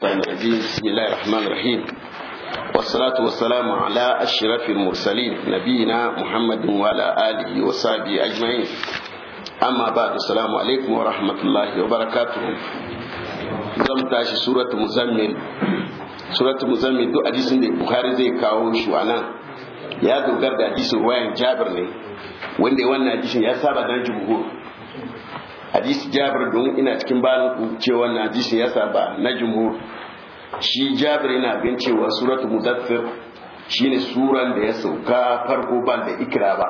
بسم الله الرحمن الرحيم والصلاة والسلام على أشرف المرسلين نبينا محمد وعلى آله وصحبه أجمعين أما بعد السلام عليكم ورحمة الله وبركاته زم تاشي سورة مزمل سورة مزمل دو حديث البخاري زي كاو شو أنا يا دوغر ده حديث رواية جابر ne wanda wannan hadisin ya saba dan jumhur hadisi jabir don ina cikin balin ku cewa na hadisi ya saba na jumhur shi jabir yana gan cewa suratu mudaththir shine suran da ya sauka farko ban da ikra ba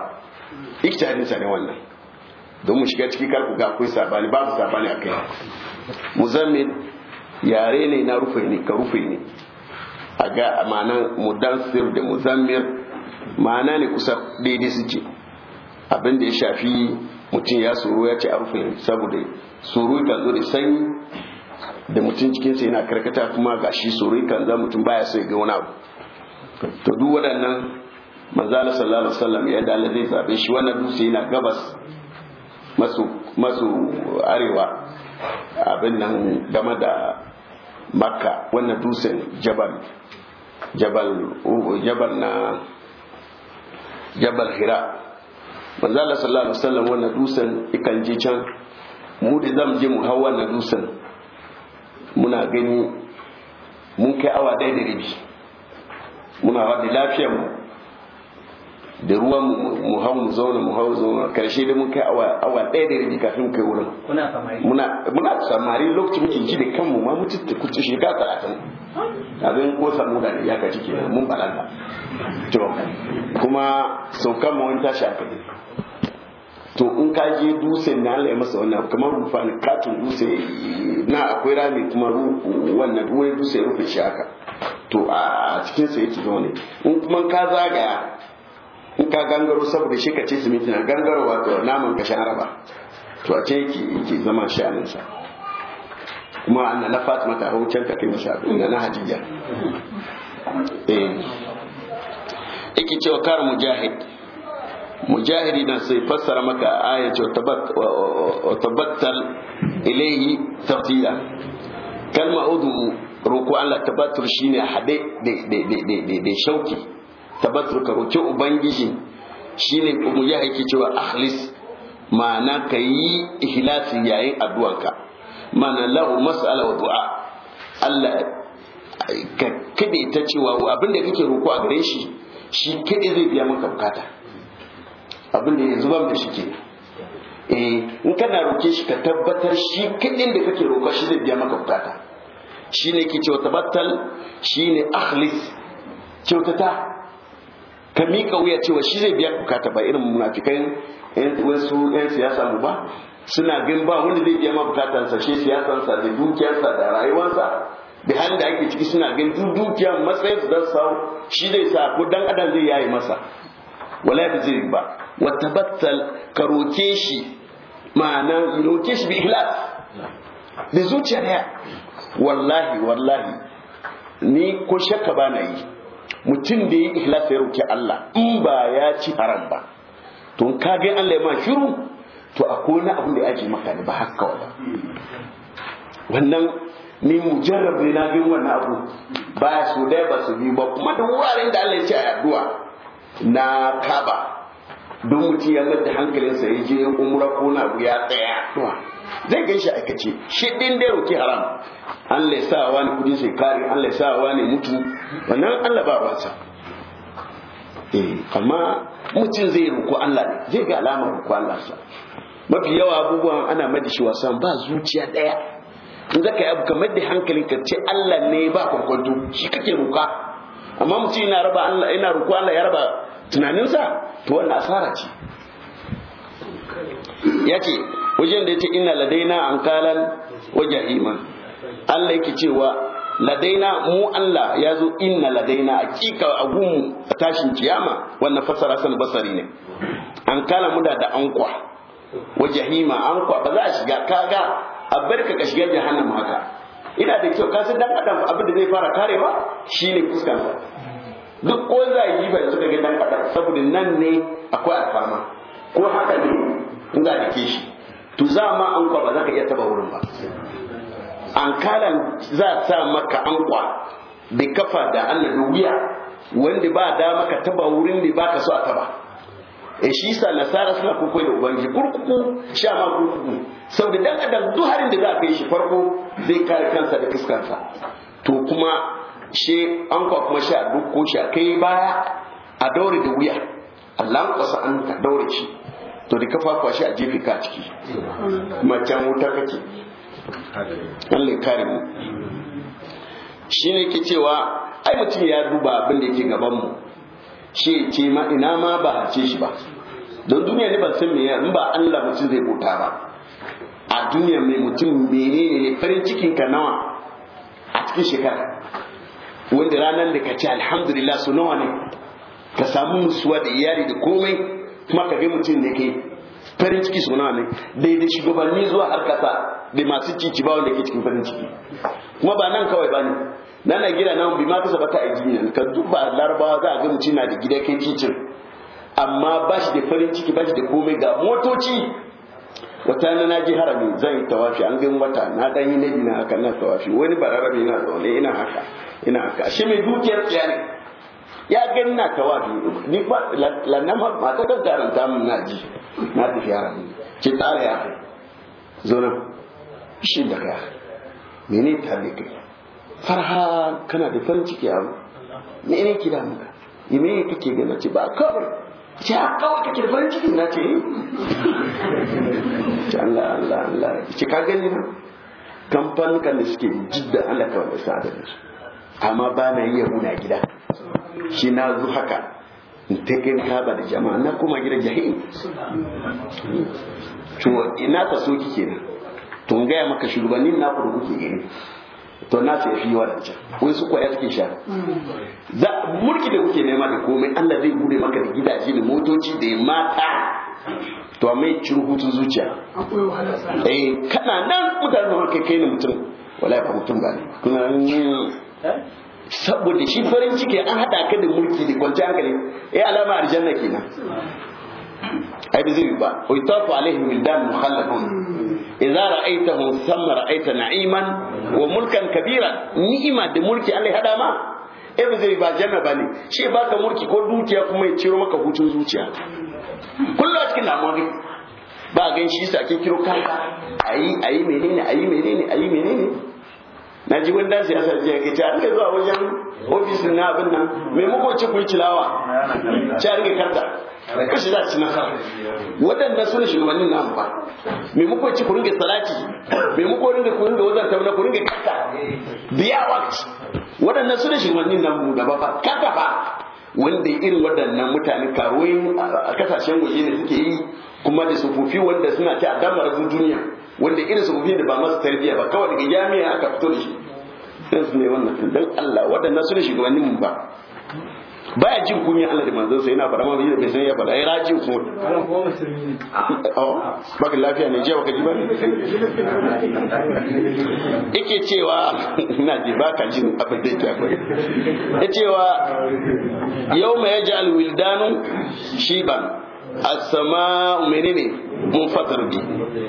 iktarin sa ne wannan don mu shiga ciki karku ga akwai sabani babu sabani akai muzammil yare ne na rufe ne ka rufe ne a ga ma'anar mudaththir da muzammil ma'ana ne kusa daidai ce abin da ya shafi mutum ya tsoro ya ce a rufe saboda tsoro kan zo da sanyi da mutum cikinsa yana karkata kuma ga shi tsoro kan za mutum baya sai ga wani abu to duk waɗannan manzala sallallahu alaihi wasallam ya da Allah zai zabe shi wannan dutse yana gabas masu arewa abin nan game da makka wannan dutsen jabal jabal jabal na jabal hira manzo Allah sallallahu alaihi wasallam wannan dusan ikan je can mu da zamu je mu hau wannan dusan muna gani mun kai awa ɗaya da rabi muna hawa da lafiyar mu da ruwa mu hau mu zauna mu hau zauna karshe da mun kai awa awa ɗaya da rabi kafin kai wurin muna muna samari lokacin muke ji da kanmu ma mu tuta kuce shi ga talatin abin ko samu da ya ka ciki mun balanta to kuma saukan mu wani tashi hankali to in ka je dutsen na Allah ya masa wannan kamar rufa ne katin dutse na akwai rami kuma wannan wani dutse rufe shi haka to a cikin sa yake ne in kuma ka zagaya in ka gangaro saboda shi ka ce siminti na gangaro ba naman ka shan raba to a ce yake zama sha'anin sa kuma anna na Fatima ta hau can ta kai masa abin da na hajjiya eh yake cewa kar mujahid mujahidi na sai fassara maka aya ce tabattal ilayhi tafsira kalma udu ruku Allah tabattur shine hade da shauki tabattur ka roki ubangiji shine kuma ya yake cewa akhlis ma'ana ka yi ihlasi yayin addu'anka ma'ana lahu mas'ala wa du'a Allah ka kade ta cewa abin da kake roko a gare shi shi kade zai biya maka bukata abin da yanzu ba mu da shi ke eh in kana roke shi ka tabbatar shi kadin da kake roka shi zai biya maka bukata shine ke cewa tabattal shine akhlis kyautata ka mika wuya cewa shi zai biya bukata ba irin munafukan wasu yan siyasa mu ba suna gan ba wanda zai biya ma bukatansa shi siyasansa da dukiyarsa da rayuwarsa da hali da ake ciki suna gan duk dukiya matsayin su zan shi zai sa ko dan adam zai yayi masa wala bi zai ba wa tabattal ka roke shi ma'ana roke shi bi da zuciya daya wallahi wallahi ni ko shakka ba na yi mutum da ya ikhlasa ya roƙi Allah in ba ya ci haram ba to ka ga Allah ya ma shiru to akwai wani abin da ya aje maka ne ba haka ba? wannan ni mujarrab ne na bin wannan abu ba su dai ba su bi ba kuma da wuraren da Allah ya ce a addu'a na kaba don mutum ya mai da hankalinsa ya je umra ko na ya tsaya zai gan shi aikace shi din dai roki haram Allah ya sa wani kudin sai kare Allah ya sa wani mutu wannan Allah ba ruwansa eh amma mutum zai roƙo Allah ne zai ga alama roƙo Allah sa mafi yawa abubuwan ana madi shi wasan ba zuciya daya in zaka yi abu kamar da hankalin ka ce Allah ne ba kwankwanto shi kake roka amma mutum yana raba Allah yana roƙo Allah ya raba tunaninsa to wannan asara ce ya ce wajen da ya ce ina ladaina ankalan wa jahima Allah yake cewa ladaina mu Allah ya zo inna ladaina a gumu a tashin kiyama wannan fasara san basari ne kala muda da ankwa wajahima jahima ankwa ba za a shiga kaga a barka ka shiga jahannama haka ina da kyau kasan dan adam abin da zai fara karewa shine fuskansa duk ko za yi ba yanzu daga dan adam saboda nan ne akwai alfama ko haka ne in za a shi to za ma kwa ba za ka iya taba wurin ba ankalan za sa maka kwa da kafa da Allah da wuya wanda ba da maka taba wurin da ba ka so a taba e shi sa nasara suna kokoi da ubangiji kurkuku sha ma kurkuku saboda dan adam duk harin da za a kai shi farko zai kare kansa da fuskansa to kuma she an kwa kuma sha duk ko sha kai baya a daure da wuya Allah kwasa an ka daure shi to da kafa shi a jefe ka ciki macen wuta kake Allah kare mu shine ke cewa ai mutum ya duba abin da yake gaban mu shi ce ma ina ma ba hace shi ba don duniya ne ban san me in ba Allah mutum zai bota ba a duniya mai mutum menene ne farin cikin ka nawa a cikin shekara wanda ranar da ka ce alhamdulillah su nawa ne ka samu musuwa da iyali da komai kuma ka ga mutum da ke farin ciki suna ne daidai shugabanni zuwa har kasa da masu cici ba wanda ke cikin farin ciki kuma ba nan kawai ba ne na na gida nan bi ma sabata baka a jiya ka duba larabawa za a ga mutum na da gida kai cicin amma ba shi da farin ciki ba shi da komai ga motoci wata na na ji harami zan yi tawafi an gani wata na dan yi nabi na haka na tawafi wani bararabe na zaune ina haka ina haka shi mai dukiyar tsiya ya gani na tawafi ni ba lannan ba ta ta mun na ji na tafi yaran ne ki tsara ya kai zo na shi da ka mene ta bi kai farha kana da farin ciki a mene ki da muka mene kake gana ci ba kawai ci a kawai kake da farin ciki na ce eh. ce Allah Allah Allah ce ka gani na kamfanin kan da suke jidda Allah kawai da sa'adar su amma ba na iya guda gida shi na zu haka in takin kaba da jama'a na kuma gida jahim to ina ka so kike ne to in gaya maka shugabannin na ku da kuke gani to na sai fi wadancan wai su kwaya suke sha za mulki da kuke nema da komai Allah zai bude maka da gidaje da motoci da mata to a mai ciro hutun zuciya eh kana nan mutane kai kai ne mutum wallahi ba mutum ba ne Eh? saboda shi farin ciki an haɗa ka da mulki da kwanci hankali ya eh, alama aljanna nan ai ba zai yi ba wai tafu alaihim wildan mukhallafun idza ra'aytahum thamma ra'ayta na'iman wa mulkan kabira ni'ima da mulki Allah hada ma ai eh, bi zai yi ba janna bane shi baka mulki ko dukiya kuma ya ciro maka hutun zuciya kullu cikin damuwa ba gan shi sa ke kiro kanka ayi ayi menene ayi menene ayi menene na ji wani dan siyasa jiya ke ce ake rike zuwa wajen ofis na abin nan mai makoci ku cilawa ce a rike karta kashi za ci nasara waɗanda suna shugabannin nan ba mai makoci ku rike salati mai mako ringa ku rike wajen tabbata ku rike karta biya wakti waɗanda suna shugabannin nan mu da ba karta ba wanda irin waɗannan mutane karuwa a kasashen waje ne suke yi kuma da sufufi wanda suna a damar duniya wanda irin tsofaffin da ba masu tarbiyya ba kawai daga jami'a aka fito da shi sai su ne wannan dan Allah waɗannan su ne shugabannin mu ba baya jin kunya Allah da manzon sa yana fara ma bai san ya fara ya raji ko baka lafiya ne je baka ji ba yake cewa ina ji baka jin abin da yake akwai ya cewa yau ma yaj'al wildanu shiban as-sama'u menene munfatir bi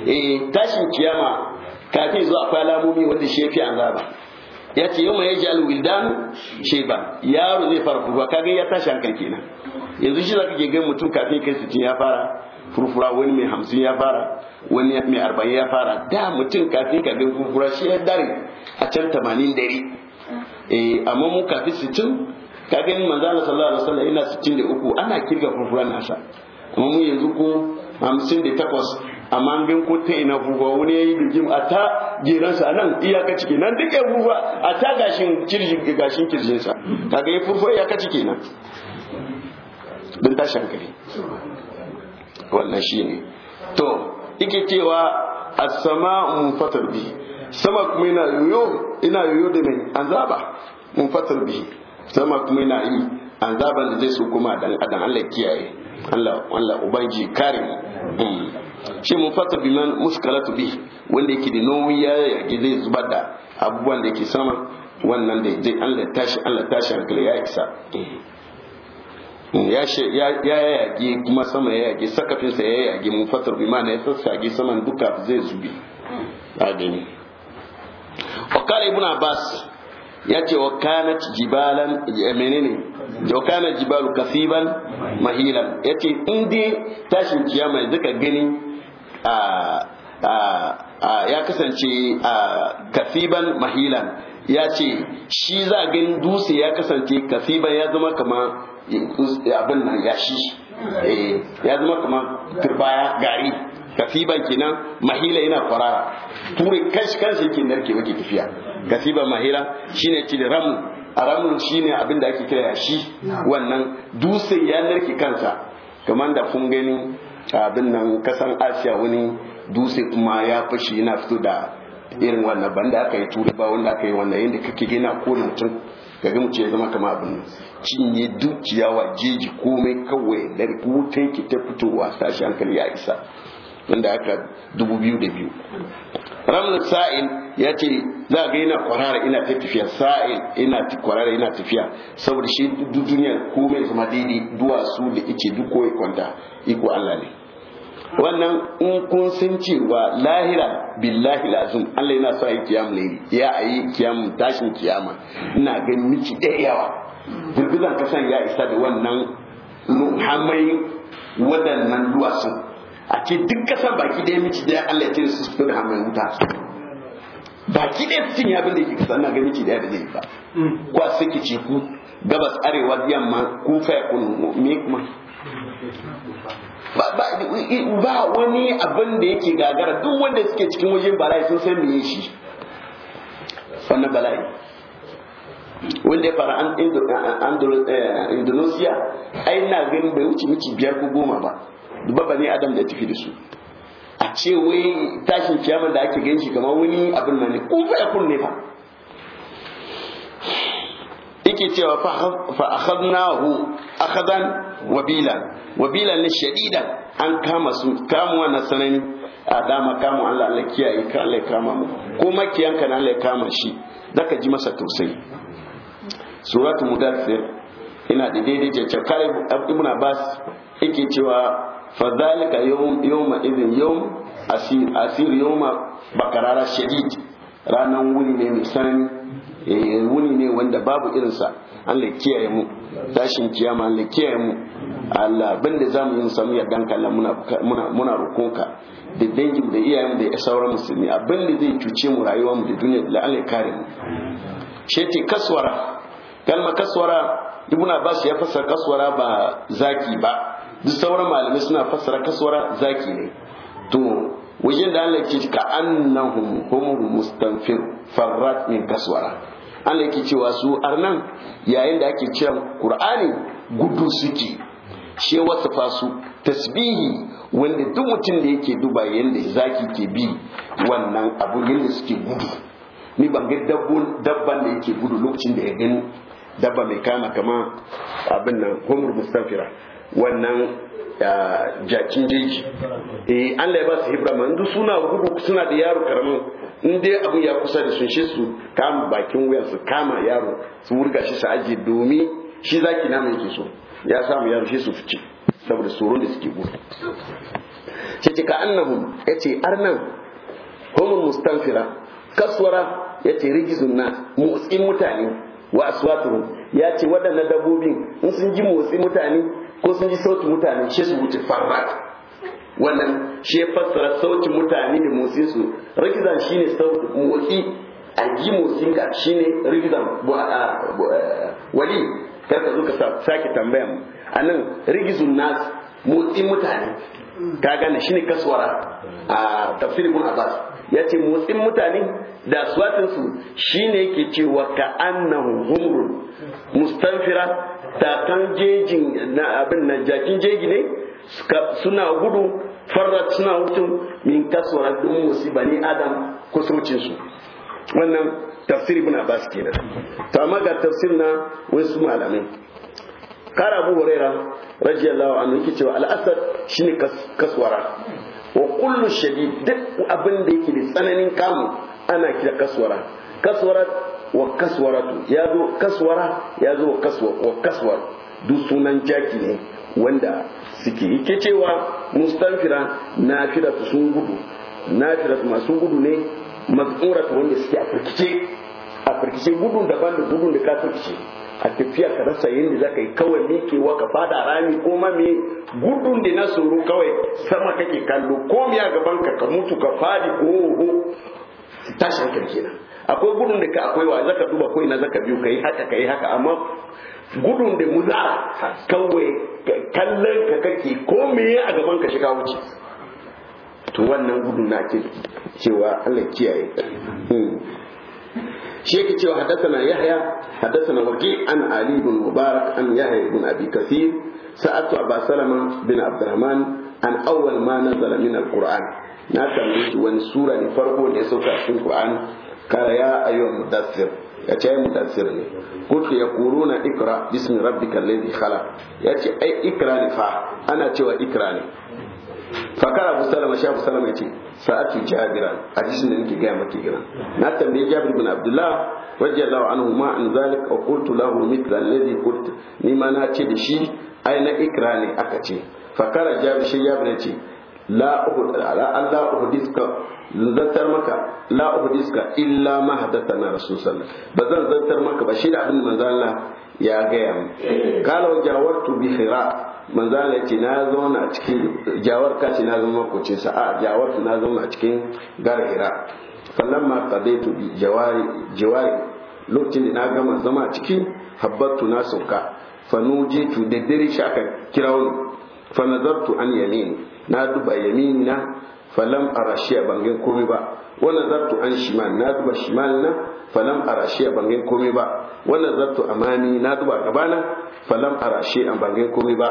eh tashin kiyama kafin zuwa akwai alamomi wanda shi yafi azaba ya ce yau mai yaji alwildan ce ba yaro zai fara furfura kaga ya tashi hankali kenan yanzu shi zaka ke gan mutum kafin kai sittin ya fara furfura wani mai hamsin ya fara wani mai arba'in ya fara da mutum kafin ka gan furfura shi ya dare a can tamanin dare eh amma mu kafin sittin ka gani manzo Allah sallallahu alaihi wasallam ina sittin da uku ana kirga furfuran nasa amma mu yanzu ko hamsin da takwas amma an gan ko ta ina buga wani ya yi bigim a ta geransa a nan iyaka ciki nan duk ya buga a ta gashin gashin kirjinsa kaga ya furfa iyaka ciki nan don tashi hankali wannan shi ne to ike cewa a sama fatar bi sama kuma ina yoyo ina yoyo da mai an zaba fatar bi sama kuma ina yi an zaba da zai su kuma dan adam Allah kiyaye Allah Allah ubangi kare hmm. shi mun fata biman muskalatu bi wanda yake da nauyi ya yage zai zubar da abubuwan da yake sama wannan da zai Allah tashi Allah tashi hankali ya isa hmm. ya she ya yage kuma sama ya yage sakafin sa ya yage mun fatar bi mana ya sassage saman duka zai zubi hmm. a gani wa kala ibn abbas ya ce wa kanat jibalan menene wa kanat jibalu kasiban mahilan ya ce inda tashin kiyama yanzu ka gani a a a ya kasance a kasiban mahilan ya ce shi za a gani dutse ya kasance kasiban ya zama kama abin nan ya shi eh, ya zama kama turbaya gari kasiban kenan mahila yana kwarara ture kashi kashi yake narke wake tafiya kasiba mahira shine a ramu shine abin da ake kira shi wannan dusin ya narke kansa kamar da kun gani abin nan kasan asiya wani dutse kuma ya fashi yana fito da irin wannan banda aka yi turi ba wanda aka yi wannan yadda kake gina kone mutum kaga mu ce zama kama abin nan cinye duk wa jeji komai kawai da wutan ki ta fitowa tashi hankali ya isa wanda aka dubu biyu da biyu Ramin Sa'il ya ce za ga yana kwarara ina ta tafiya sa'in ina kwarara ina tafiya saboda shi duk duniyar komai zama daidai duwatsu da ice duk koyi kwanta iko Allah ne wannan in kun san cewa lahira billahi lazim Allah yana sa yi kiyamu ne ya ayi kiyamu tashin kiyama ina ganin miki da yawa girgizan kasan ya isa da wannan hamayin waɗannan duwatsun a ce duk kasa baki ɗaya miki ɗaya Allah ya ce su fito da hannun baki ya abin da ke kasa na ga miki ba mm. a saki ciku gabas arewa yamma ya kunu me kuma ba wani abin da yake gagara duk wanda suke cikin wajen bala'i sun san meye shi wannan bala'i wanda ya fara indonesia goma ba duba bani adam da tafi da su a ce wai tashin kiyama da ake ganshi kamar wani abin nan ne ko fa ya ne fa yake cewa fa akhadnahu akhadan wabila wabila ne shadida an kama su kamuwa wa sanani a dama kama Allah Allah kiyaye ka Allah kama mu ko makiyanka na Allah kama shi zaka ji masa tausayi suratul mudaththir ina da daidai ce kai ibn abbas yake cewa fadhalika yawm yawma idin yawm asir asir yawma bakarara shadid ranan wuni ne mai sanani eh, wuni ne wanda babu irinsa Allah kiyaye mu tashin kiyama Allah kiyaye mu Allah abinda zamu yi samu yardan ka Allah muna muna muna rokonka da dangin da iyayen da sauran musulmi abinda zai cuce mu rayuwar mu da duniya da ya kare mu shete kaswara kalma kaswara ibnu abbas ya fassara kaswara ba zaki ba duk sauran malamai suna fassara kaswara zaki ne to wajen da Allah ke ka annahum hum mustanfir farrat min kaswara Allah ke cewa su arnan yayin da ake cewa Qur'ani gudu suke she wasafa su tasbihi wanda duk mutum da yake duba yanda zaki ke bi wannan abu yanda suke gudu ni ban ga dabban da yake gudu lokacin da ya gani dabba mai kama kama abin nan humur mustanfira wannan jakin jeji eh Allah ya ba su hibra man suna rubu suna da yaro karamin in dai ya kusa da sun shi su kama bakin wuyan su kama yaro su wurga shi su aje domin shi zaki na mai so ya samu yaro shi su fice saboda tsoron da suke gudu sai ce ka ya yace arnan humul mustanfira kaswara ce rigizun nas motsin mutane wa aswatuhum ya ce waɗannan dabbobin in sun ji motsin mutane ko sun ji sautin mutane shi su wuce farrat wannan shi ya fassara sautin mutane da motsin su rigizan shine sautin motsi a ji motsin ka shine rigizan eh, wali karka zuka zo ka sake tambaya mu anan rigizun nas motsin mutane ka gane shine kaswara a tafsirin Abbas ya ce motsin mutane da suwatinsu shi ne yake cewa ka annan humrun mustanfira takan jejin na abin na jakin jeji ne suna gudu farrat suna hutun min kasuwar ɗin musiba ne adam kusurcinsu wannan tafsir ibn abbas kenan to amma ga tafsir na wasu malamai kara abu huraira radiyallahu anhu yake cewa al-asad shine kaswara wa kullu shadi duk abin da yake da tsananin kamu ana kira kaswara kaswara wa kaswaratu ya zo kaswara ya zo wa kaswar duk sunan jaki ne wanda suke yake cewa mustanfira nafiratu sun gudu nafiratu masu gudu ne mazmuratu wanda suke a firkice a firkice gudun daban da gudun da ka firkice a tafiya ka rasa yadda za ka yi kawai mikewa ka fada rami ko ma gudun da na tsoro kawai sama kake kallo ko miya gaban ka ka mutu ka fadi ko tashin hankali kenan akwai gudun da ka akwai wa zaka duba ko ina zaka biyu kai haka kai haka amma gudun da muzara kawai kallon ka kake ko me a gaban ka shiga wuce to wannan gudun na ke cewa Allah kiyaye hmm. شيك تشو حدثنا يحيى حدثنا وكيع عن علي بن مبارك عن يحيى بن أبي كثير سألت أبا سلمة بن عبد الرحمن عن أول ما نزل من القرآن ناتم وان سورة فرقو لسوكا في القرآن قال يا أيها المدثر ya ce mudassir ne kutu ya kuruna ikra bismi rabbika alladhi khalaq ya ce ai ikra ne fa ana cewa ikra ne fakar abu salama shi abu salama ce sa'atu jabira hadisin da nake gaya maka gira na tambaye jabir bin abdullah radiyallahu anhu ma an zalik wa qultu lahu mithla alladhi qult ni ma na ce da shi ai na ikra ne aka ce fakar jabir shi jabir ya ce la Allah uhdiska zantar maka la uhudiska illa ma na rasul sallallahu ba zan zantar maka ba shi da abin manzo Allah ya gaya mu kala jawartu bi khira manzo Allah yace na zauna a cikin jawar ka ce na zama makocin sa a jawartu na zauna a cikin gar hira falamma qadaitu bi jawari jawari lokacin da na gama zama a ciki habbatu na sauka fanujitu da dare shi aka kirawo fa nazartu an yamini na duba yamini na falam ara a bangin komai ba wa nazartu an shimal na duba shimal na falam ara a bangin komai ba wa nazartu amani na duba gabana falam ara a bangin komai ba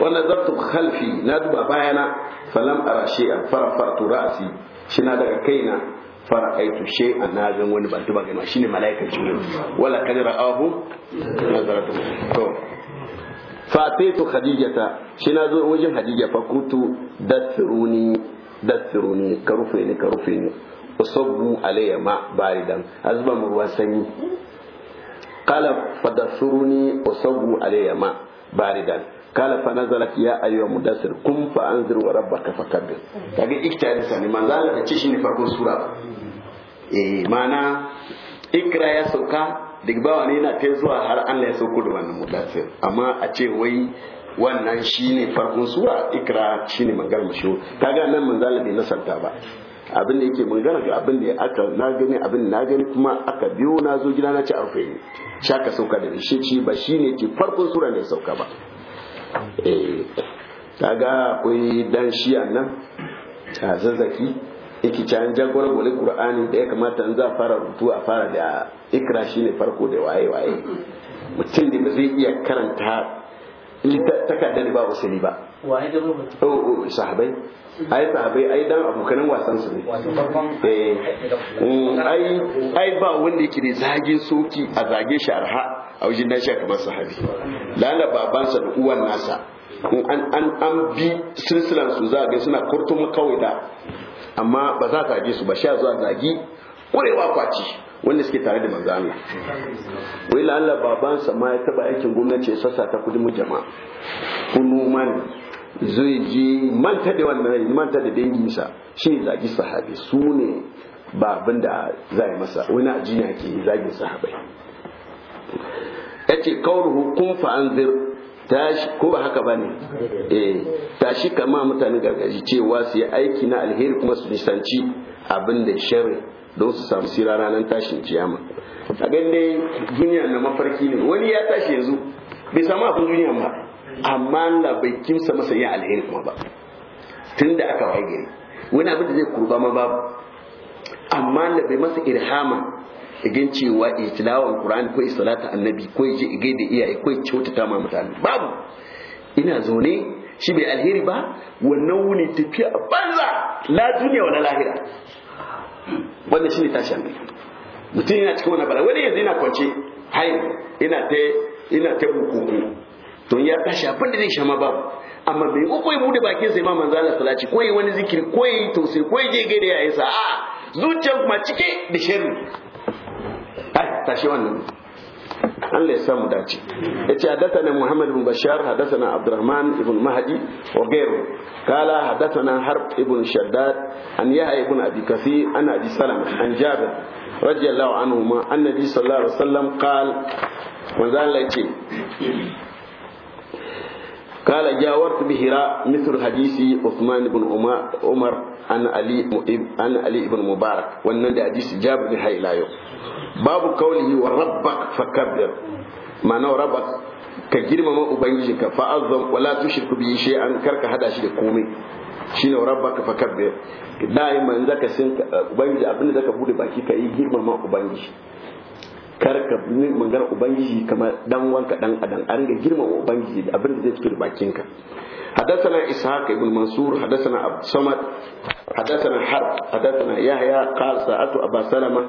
wa nazartu khalfi na duba bayana falam ara shiya farafatu ra'si shi na daga kaina fara aitu she a nazin wani ban duba gani shine ne jibril wala kadira ahu na zarafi. fataitu khadijata shi na zo wajen khadija fa kutu dasiruni dasiruni ka rufe ni ka rufe ni usabbu alayya ma baridan azba mu ruwan sanyi qala fadasuruni usabbu alayya ma baridan قال فنزلت يا ايها المدثر قم فانذر وربك فكبر kaga ikhtiyar sa ne manzo Allah ce cishi ne farkon sura eh mana ikra ya sauka duk bawa ne yana ta zuwa har Allah ya sauko da wannan mudathir amma a ce wai wannan shine farkon sura ikra shine magana Ta kaga nan manzala bai nasarta ba abin da yake magana ga abin da aka na gani abin na gani kuma aka biyo na zo gida na ci arfe ne shaka sauka da shi ci ba shine ke farkon sura ne sauka ba eh kaga akwai dan a nan a zazzaki yake can jagoran wani qur'ani da ya kamata in za fara rubutu a fara da ikra ne farko da waye waye mutum da ba zai iya karanta takarda da ba wasali ba waye da rubutu oh, oh, sahabai ai sahabai ai dan abokanin wasan su ne eh, ai ai ba wanda yake da zagin soki a zage shi arha a wajen nashi kamar sahabi lalla babansa da uwan nasa in an bi silsilan su za ga suna kurtun kawai da amma ba za ka su ba sha zuwa zagi kurewa kwaci wanda suke tare da manzo wai lalla baban sa ma ya taba aikin gwamnati ya sassa ta kudin jama'a kunu man zai je manta da wannan manta da danginsa shi zagi sahabi su ne ba abin da zai masa wani ajina ke zagin sahabai yace qawluhu kun fa anzir tashi ko ba haka bane eh tashi kama mutane gargaji cewa su yi aiki na alheri kuma su nisanci abin da shari don su samu sira ranar tashin kiyama a dai duniya na mafarki ne wani ya tashi yanzu bai samu abin duniya ba amma Allah bai kimsa masa yin alheri kuma ba tun da aka waye gari wani abin da zai kurba ma babu amma Allah bai masa irhama igin cewa itilawar ƙura'ani ko salata annabi ko je igai da iyaye ko kyautata ma mutane babu ina zaune shi bai alheri ba wannan wuni tafiya a banza la duniya wala lahira wannan ne tashi hankali mutum yana cikin wani bala wani yanzu yana kwance hai ina ta ina ta bukuku to ya tashi abin da zai shama babu amma bai ko koyi bude bakin sai ma manzo Allah salati koyi wani zikiri koyi tausayi koyi je gaida yayin sa a zuciyar kuma cike da sharri ai tashi wannan Allah ya samu dace yace hadathana Muhammad ibn Bashar hadathana Abdurrahman ibn Mahdi wa ghayru qala hadathana Harb ibn Shaddad an Yahya ibn Abi Kathir an Abi Salama an Jabir radiyallahu anhu ma annabi sallallahu alaihi wasallam qala wanzan Allah yace قال جاورت بهراء مثل حديث عثمان بن عمر عن علي عن علي بن مبارك والنبي حديث جابر بن هيلا باب قوله وربك فكبر معناه ربك ka girmama ubangijinka fa azzam wala tushrik bi shay'an karka hada shi da komai shine rabbaka za ka man zaka sin ubangiji abinda zaka bude baki ka yi girmama ubangiji Kar ka karka mangar ubangiji kamar dan wanka dan adam a ringa girmama ubangiji da abin da zai fito da bakinka حدثنا إسحاق بن منصور حدثنا عبد الصمد حدثنا حرب حدثنا يحيى قال سألت أبا سلمة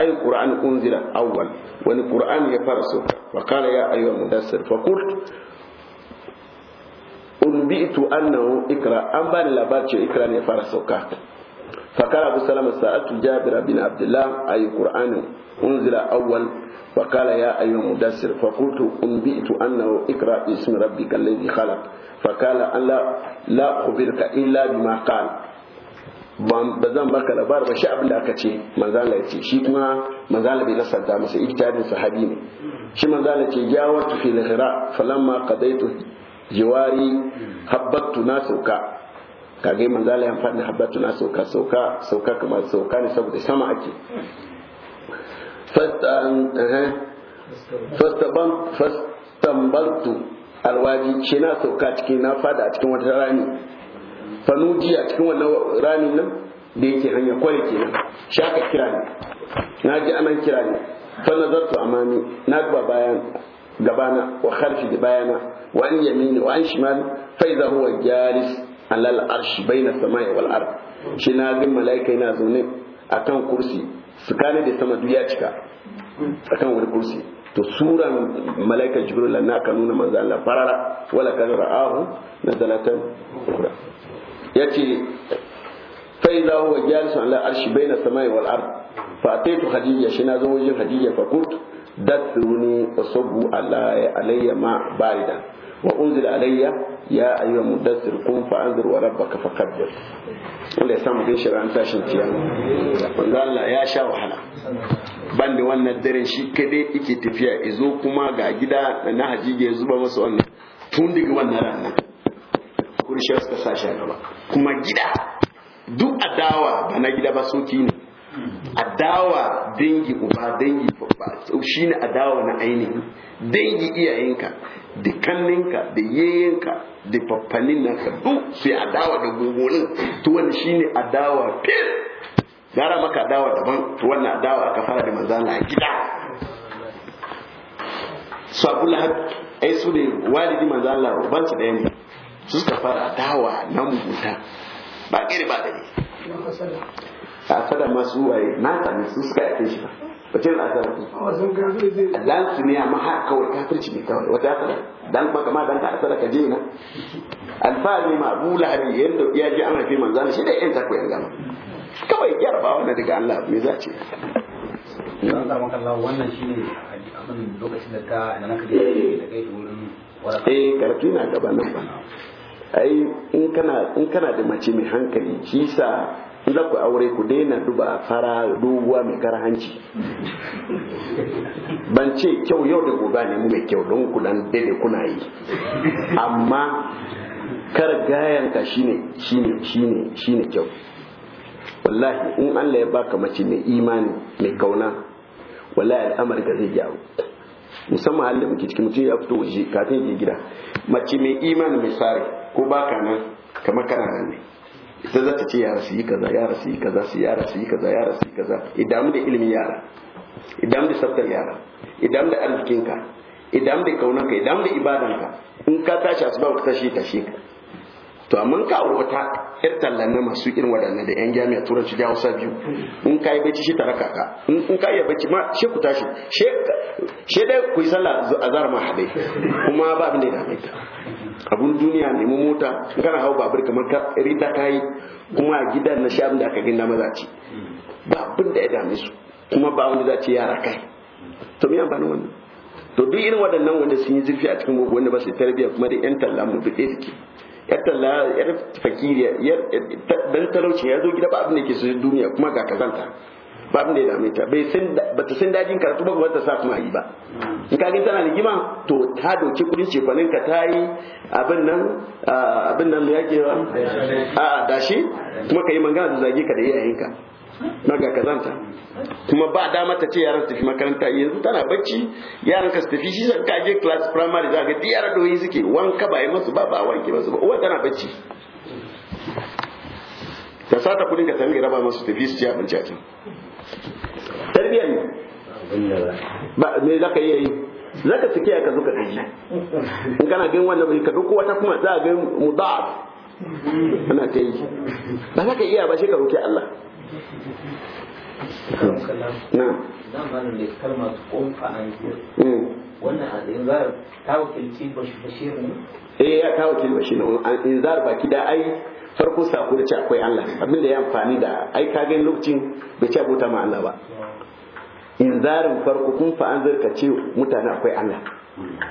أي قرآن أنزل أول وأن القرآن يفرس فقال يا أيها المدثر فقلت أنبئت an اقرأ أم ce لباتي اقرأ يفرس وكاتب فقال أبو سلمة سألت جابر بن عبد الله أي قرآن أنزل أول فقال يا أيها المدثر فقلت أنبئت أنه اقرأ باسم ربك الذي خلق فقال أن لا, لا أخبرك إلا بما قال ba zan baka labar ba shi abin da aka ce manzala ce shi kuma manzala bai nasarta masa ijtihadin sahabi ne shi manzala ce ya fil hira falamma qadaitu jiwari habbattu na sauka kage manzo Allah ya habbatu na sauka sauka sauka kamar sauka ne saboda sama ake eh, fastambaltu alwaji ce na sauka cikin na fada a cikin wata rani fanuji a cikin wannan rani nan da yake hanya kwale nan shaka kira ne na ji anan kira ne fanazartu amami na duba bayan gabana wa kharfi da bayana wa an yamini wa an shimali fa idza huwa jalis alal arshi baina samai wal ard shi na ga malaika yana zaune akan kursi tsakanin da sama duk ya cika akan wani kursi to suran malaika jibril na ka nuna manzo Allah farara wala kan ra'ahu nazalatan ukra yace fa idza huwa jalisun ala arshi baina samai wal ard fa ataitu khadija shi na zo wajen khadija fa qult dathuni asbu alayya ma baridan wa unzila alayya ya ayyuha mudaththir qum fa'anzir wa rabbaka fakabbir wanda ya samu kin an tashin kiyama manzo Allah ya sha wahala ban wannan dare shi kadai yake tafiya izo kuma ga gida na hajiji ya zuba masa wannan tun daga wannan ranar kurshiyar suka sa shi gaba kuma gida duk adawa ba na gida ba soki ne adawa dangi uba dangi shi ne adawa na ainihi dangi iyayenka da kanninka da yayinka da faffanin naka duk su yi adawa da gungunin to wani ne adawa fil gara maka adawa daban to wannan adawa ka fara da manzana a gida su abu lahab ai su ne walidi manzana su da yanzu su suka fara adawa na mubuta ba iri ba da ne a kada masu waye na tsanin su suka yake shi ba mutum a sarki dan su ne amma har kawai kafirci ne kawai wata ya dan ba kama dan ka asara ka je na alfani ma abu lahabi yadda ya ji an rafi manzana shi da yan takwai yan gama kawai yarba wannan daga Allah me za ce wannan shi shine abin lokacin da ta ka da naka da kai wurin eh karatu na gaba nan ba ai in kana in kana da mace mai hankali sa. in za ku aure ku daina duba a fara doguwa mai kara hanci ban ce kyau yau da gobe ne mu mai kyau don ku dan daidai kuna yi amma kar gayan ka shine shine shine shine kyau wallahi in Allah ya baka mace mai imani mai kauna wallahi al'amari ka zai gyaru musamman halin da muke cikin mutum ya fito waje kafin ya gida mace mai imani mai sare ko baka nan kamar kana nan ne ita za ta ce yara su yi kaza yara su yi kaza su yara su yi kaza yara su yi kaza idan da ilimin yara idan da tsaftar yara idan da ka, idan da ka idan da ka in ka tashi asuba ka tashi tashi ka to amma ka wata yar tallan na masu irin wadanne da yan jami'a turanci da Hausa biyu in kai bacci shi taraka ka in kai yi bacci ma she ku tashi she she dai ku yi sallah azhar ma hadai kuma ba abin da ya dame ta abun duniya mu mota kana hau babur kamar ka rita kai kuma a gidan na shabin da aka gina maza ce ba abin da ya dame su kuma ba wanda za ce yara kai to me amfanin wannan to duk irin waɗannan wanda sun yi zurfi a cikin gogo wanda ba su tarbiyya kuma da yan talla mu duk suke yar talla yar fakiriya yar dan talauci ya zo gida ba abin da ke su duniya kuma ga kazanta ba abin da ya dame ta bai san ba ta san dajin karatu ba ba ta sa kuma yi ba in ka tana gima to ta doki kudin cefanin ka ta yi abin nan abin nan ya ke a dashi kuma ka yi magana da zage ka da yayin ka na ga kazanta kuma ba dama ta ce yaran su tafi makaranta yanzu tana bacci yaran ka su tafi shi sai ka je class primary za ga da doyi suke wanka ba yi masu ba ba wanke masu ba uwa tana bacci Ta sata kudin ka sami raba masu tafi su ci abinci a can tarbiyyar ba me za ka yi za ka sake ka zuka gaji in kana gan wannan bai ka duk wata kuma za a ga mudaf ana ta yi ba za ka iya ba shi ka roki Allah na zamanin da ya kalma kunfa an hmm. wannan a inzar ta wakilci bashir ne eh ya ta wakilci bashir ne inzar baki da ai farko sako da ce akwai Allah abin da ya amfani da ai ka gani lokacin bai ce abota ma Allah ba inzarin farko kun fa an zarka ce mutane akwai Allah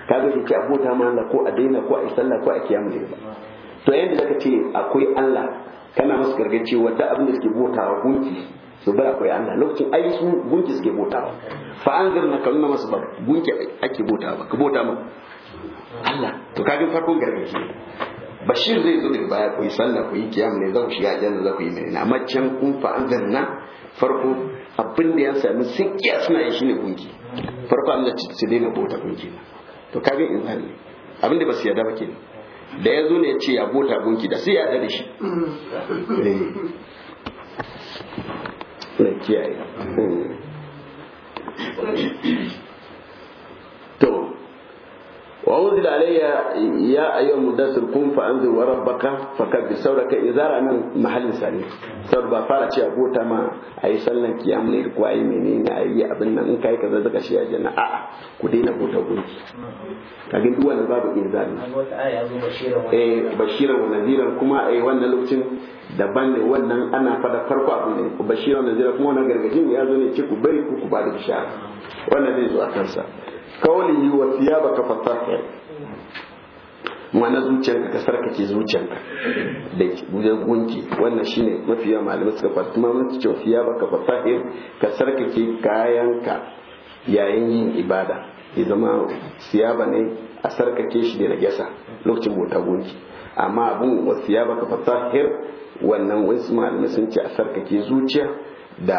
ka ga ce abota ma Allah ko a daina ko a yi sallah ko a kiyamu ne ba to yanda zaka ce akwai Allah kana musu gargace wanda abin da suke botawa gunki su bar akwai Allah lokacin ai su gunki suke botawa fa an zarna ka nuna masu ba gunki ake botawa ba ka bota ma Allah to kagin farkon gargace bashir zai zo daga baya ku yi sallah ku yi kiyam ne za ku shiga aljanna za ku yi menene amma can kun fa ganna farko abin da ya sami sun kiya suna yi ne gunki farko Allah ci su daina bota gunki to kaga in hali abin da ba su yarda ba kenan da ya zo ne ya ce ya bota gunki da sai ya yarda da shi eh. mm. to وأنزل علي يا أيها المدثر قم فأنذر وربك فكبر سورك إذا من محل سالي سور بفارة شيء أبو تما أي سلنا كيام لير كواي منين أي أبنا إن كاي كذا ذكر شيء جنا آه كدينا أبو تقول لكن دوا نباب إنذار إيه بشيرا ونذيرا كما أي وانا لوتين daban ne wannan ana fada farko abu ne bashira nazira kuma wannan gargajin ya zo ne ce ku bari ku ku ba bishara wannan zai zo a kansa kawalihi wa thiyabaka fatahhir ma'ana zuciyarka ka sarkace zuciyarka da gudan gunki wannan shine mafiya malamai suka fara kuma mun cewa thiyabaka fatahhir ka sarkace kayanka yayin yin ibada ya zama siyaba ne a sarkake shi da najasa lokacin bota gunki amma abun wa siyaba ka fatahir wannan wasu malamai sun ce a sarkake zuciya da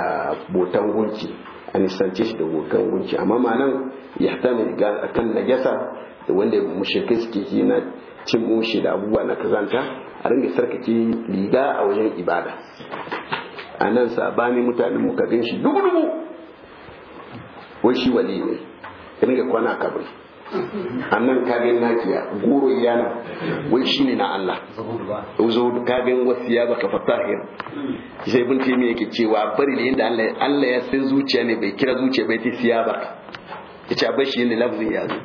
botan gunki a nisance shi da gokan wunci amma ma'anan ya tami kan najasa da wanda mushrikai suke yi na cin mushi da abubuwa na kazanta a ringa sarkake riga a wajen ibada a nan sabani mutanen mu ka gan shi dubu dubu wai shi wali ne ringa kwana kabari annan kagen nakiya goro yana wai shine na Allah zuhudu kagen wasu ya baka fasahir sai bin taimi yake cewa bari da inda Allah Allah ya san zuciya ne bai kira zuciya bai ta siya ba. ya ce abai shi ne lafzin ya zo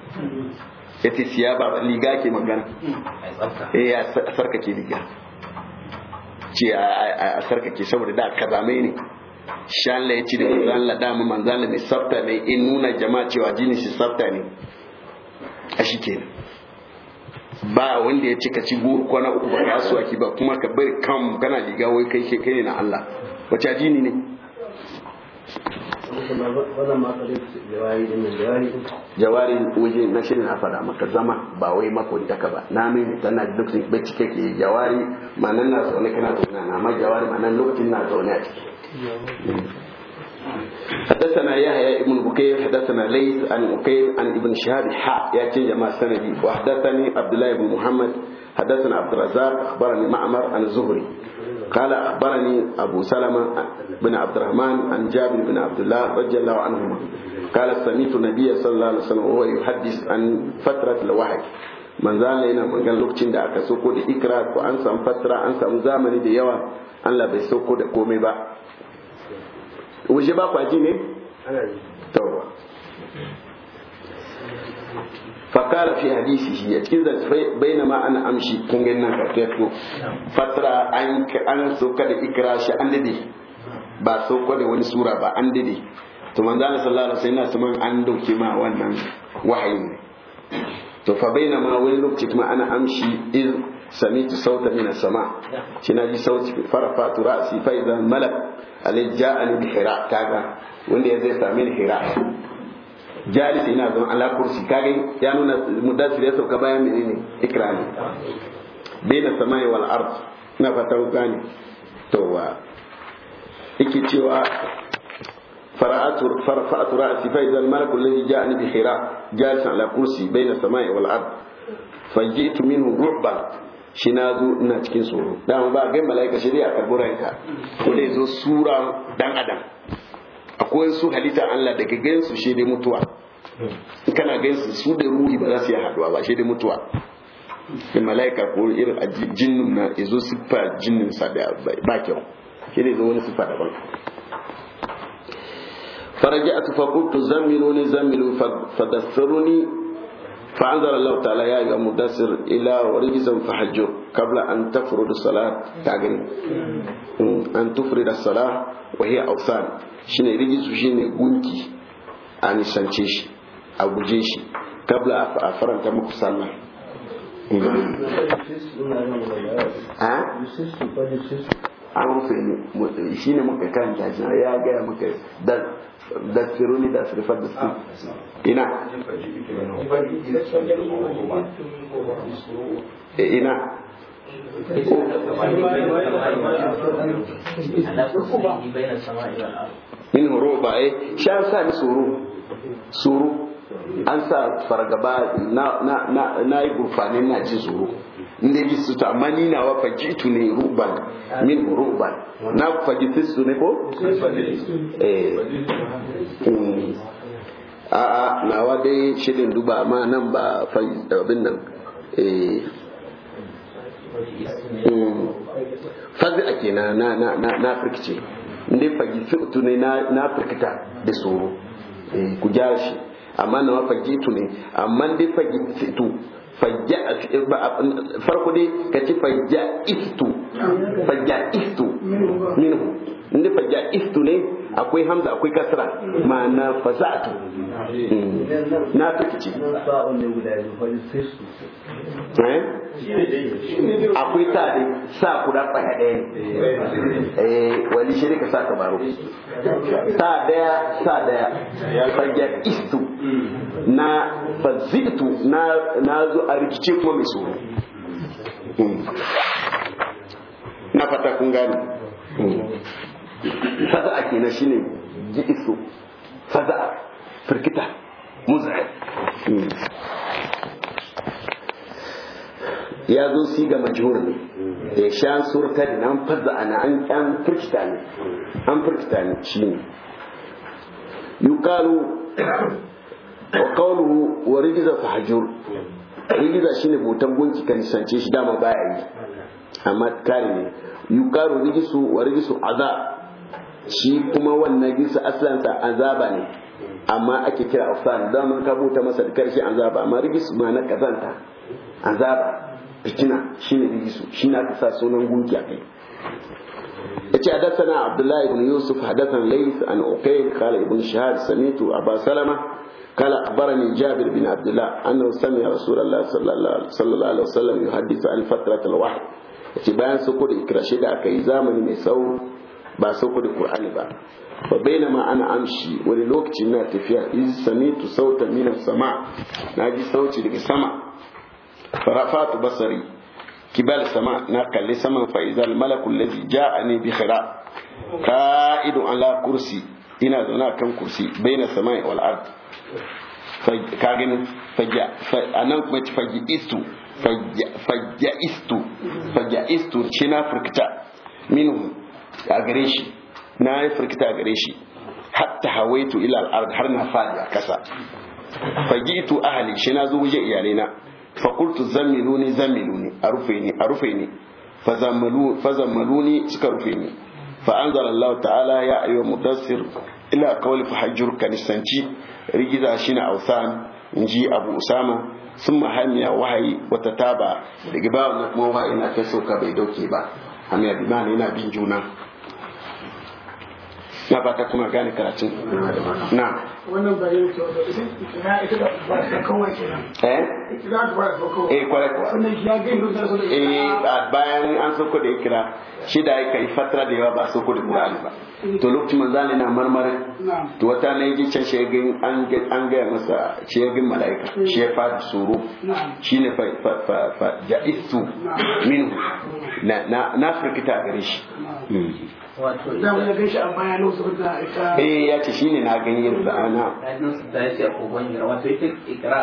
ya ta siya ba liga ke magana eh ya sarkake liga ce a sarkake saboda da zame ne shan la ya ci da manzan la dama manzan la mai sabta ne in nuna jama'a cewa jini shi sabta ne a shi ke ba wanda ya ce ka ci kwana uku ba ka su ba kuma ka bari kan kana liga wai kai ke kai na Allah wace ajini ne jawari waje na shirin a fada maka zama ba wai makwantaka ba na min tana duk sun bai cike ke jawari ma nan na zaune kana zaune na ma jawari ma nan lokacin na zaune a ciki حدثنا يحيى ابن بكير حدثنا ليث عن بكير عن ابن شهاب حاء يا تشنج ما سندي وحدثني عبد الله بن محمد حدثنا عبد الرزاق اخبرني معمر عن الزهري قال اخبرني ابو سلمه بن عبد الرحمن عن جابر بن عبد الله رضي الله عنهما قال سمعت النبي صلى الله عليه وسلم وهو يحدث عن فتره الوحي manzala yana magan lokacin da aka soko da ikra ko an samu fatara an samu zamani da yawa Allah bai soko da komai ba waje ba kwaji ne tawa fakara fi hadisi shi ya cikin zafai bai na ma'ana amshi kun gani nan karfe ko fatara an sauka da ikira shi an dade ba sauka da wani sura ba an dade to manzo Allah sallallahu alaihi wasallam saman an dauke ma wannan wahayin ne to fa bai na ma wani lokaci kuma ana amshi Sami samitu sauta min sama shi na ji sauti farafatu ra'si fa idza malak a nufi hira kaga wanda ya zai sami hira jalis ina zama ala kursi kaga ya nuna mudassir ya sauka bayan menene ikrami sama samai wal ard na fata gani to wa yake cewa فرفعت رأسي فإذا الملك الذي جاءني بحراء جالسا على كرسي بين السماء والأرض فجئت منه رعبا shi na zo ina cikin tsoro dama ba ga mala'ika shi ne a karbi ka ko dai zo sura dan adam akwai su halitta Allah daga gain su shi ne mutuwa kana gain su su da ruhi ba za su yi haduwa ba shi ne mutuwa da mala'ika ko irin a jinnun na izo siffa jinnin sa da ba kyau shi ne zo wani siffa daban فرجعت فقلت زملوني زملوا فدثرني فأنزل الله تعالى يا أيها المدثر إلى ورجزا فحجر قبل أن تفرض الصلاة تعجل أن تفرض الصلاة وهي أوثان شنو رجز شنو غنكي a nisance shi جيش قبل shi kabla a faranta muku sallah an rufe shi ne muka kan jajina dasiruni da sirfa da su ina ina min ruwa ba eh sha sa ni suru suru fargaba na na na na yi gurfanin na ji ndegi su na amma ni ruban min ruban na ku fa ko eh mm. a a na wade shirin duba ma nan ba fa abin nan eh mm. fazi a ake na na na na firkice inda fagi fi'tu na na firkita da tsoro eh ku jashi amma na fagi ne amma dai fagi farko dai ka ci fajja istu fajja istu minhu inda fajja istu ne akwai hamza akwai kasra ma'ana faza'atu hmm. na fikici eh? akwai ta da sa kuda tsaya ɗaya eh wani shi ka sa kabaro ta daya sa daya fagya istu na fazitu na zo a rikice kuma mai tsoro hmm. na fata kun gane hmm. faza'a kenan shine ji iso faza'a firkita muzai ya zo si ga ne da sha surta da nan fazza ana an kyan firkita ne an firkita ne shi ne yuqalu wa rigiza wa hajjur rigiza shi ne botan gunki kan sance shi dama baya yi amma kare ne yuqalu rigisu wa a azab shi kuma wannan gisa aslansa azaba ne amma ake kira afsan don ka buta masa da karshe azaba amma rigis ma na kazanta azaba fitina shine rigisu Shi na kasa sunan gunki a kai yace hadathana abdullahi ibn yusuf hadathan lays an uqayl qala ibn shahab samitu aba salama قال أخبرني جابر بن عبد الله أنه سمع رسول الله صلى الله عليه وسلم يحدث عن فترة الوحي bayan su kuɗi ikirashi da aka yi zamani mai tsawo ba sauko da qur'ani ba fa bainama ana amshi wani lokaci na tafiya iz samitu sauta sama sauci daga sama farafatu basari kibal sama na kalli saman fa izal malakul ladhi ja'ani bi khira qa'idu ala kursi ina zauna kan kursi baina sama'i wal ard gani anan kuma ci istu furkita minhu a gare shi na yi firkita a gare shi hatta hawaitu ila al'ard har na fadi a kasa fagitu ahli shi na zo wajen iyalai na fa qultu zammiluni zammiluni a rufe ni a rufe fa zammaluni suka rufe ni fa anzala Allah ta'ala ya ayyuha mudassir ila qawli fa hajjur kanisanci rigiza shi na ausan inji Abu Usama sun mahaimiya wahayi wata taba da bawa na kuma wahayi na fesoka bai dauke ba hamiya bi yana bin juna na ba kuma gane karatun na wannan bayan da ita da eh? ba eh, eh, da ikira shi da yi fatara da yawa ba soko da Qur'ani ba to lokacin manzali na marmarin to wata ne yake can shegin an ga masa shegin malaika shi ya fara suru shine fa fa fa ja'istu minhu na na gare shi wato da mun shi a baya da ita eh ya ce shine na gani da ana da da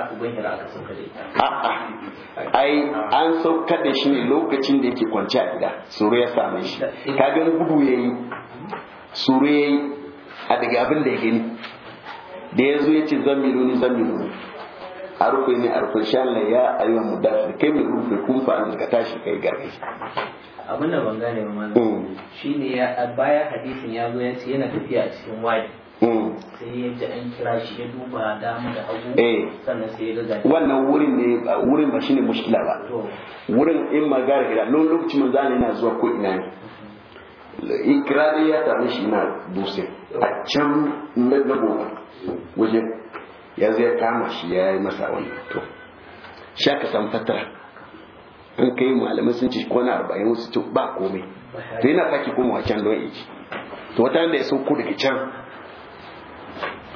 a'a an sauka da shi ne lokacin da yake kwance a gida suru ya same shi ka ga gudu yayi suru yayi a daga abin da ya gani da ya zo ya ce ni ne a rufe ne a rufe shan ya mudafi kai mai rufe kun fa'an ka tashi kai garkai abin da ban gane ba mm. shi ne ya baya hadisin ya zo ya ce yana tafiya a cikin wadi mm. sai ya ji an kira shi ya duba dama da hagu eh. sannan sai ya ga wannan wurin ne wurin ba shine mushkila ba wurin in magana gida lokacin manzo yana zuwa ko ina ne ikirari ya taru shi na dutse a can na gaba waje ya zai kama shi ya yi masa wani to sha aka samu fatara in kai malamai sun ci kwana arba'in wasu ci ba komai to yana sake komawa can don ya to wata da ya sauko daga can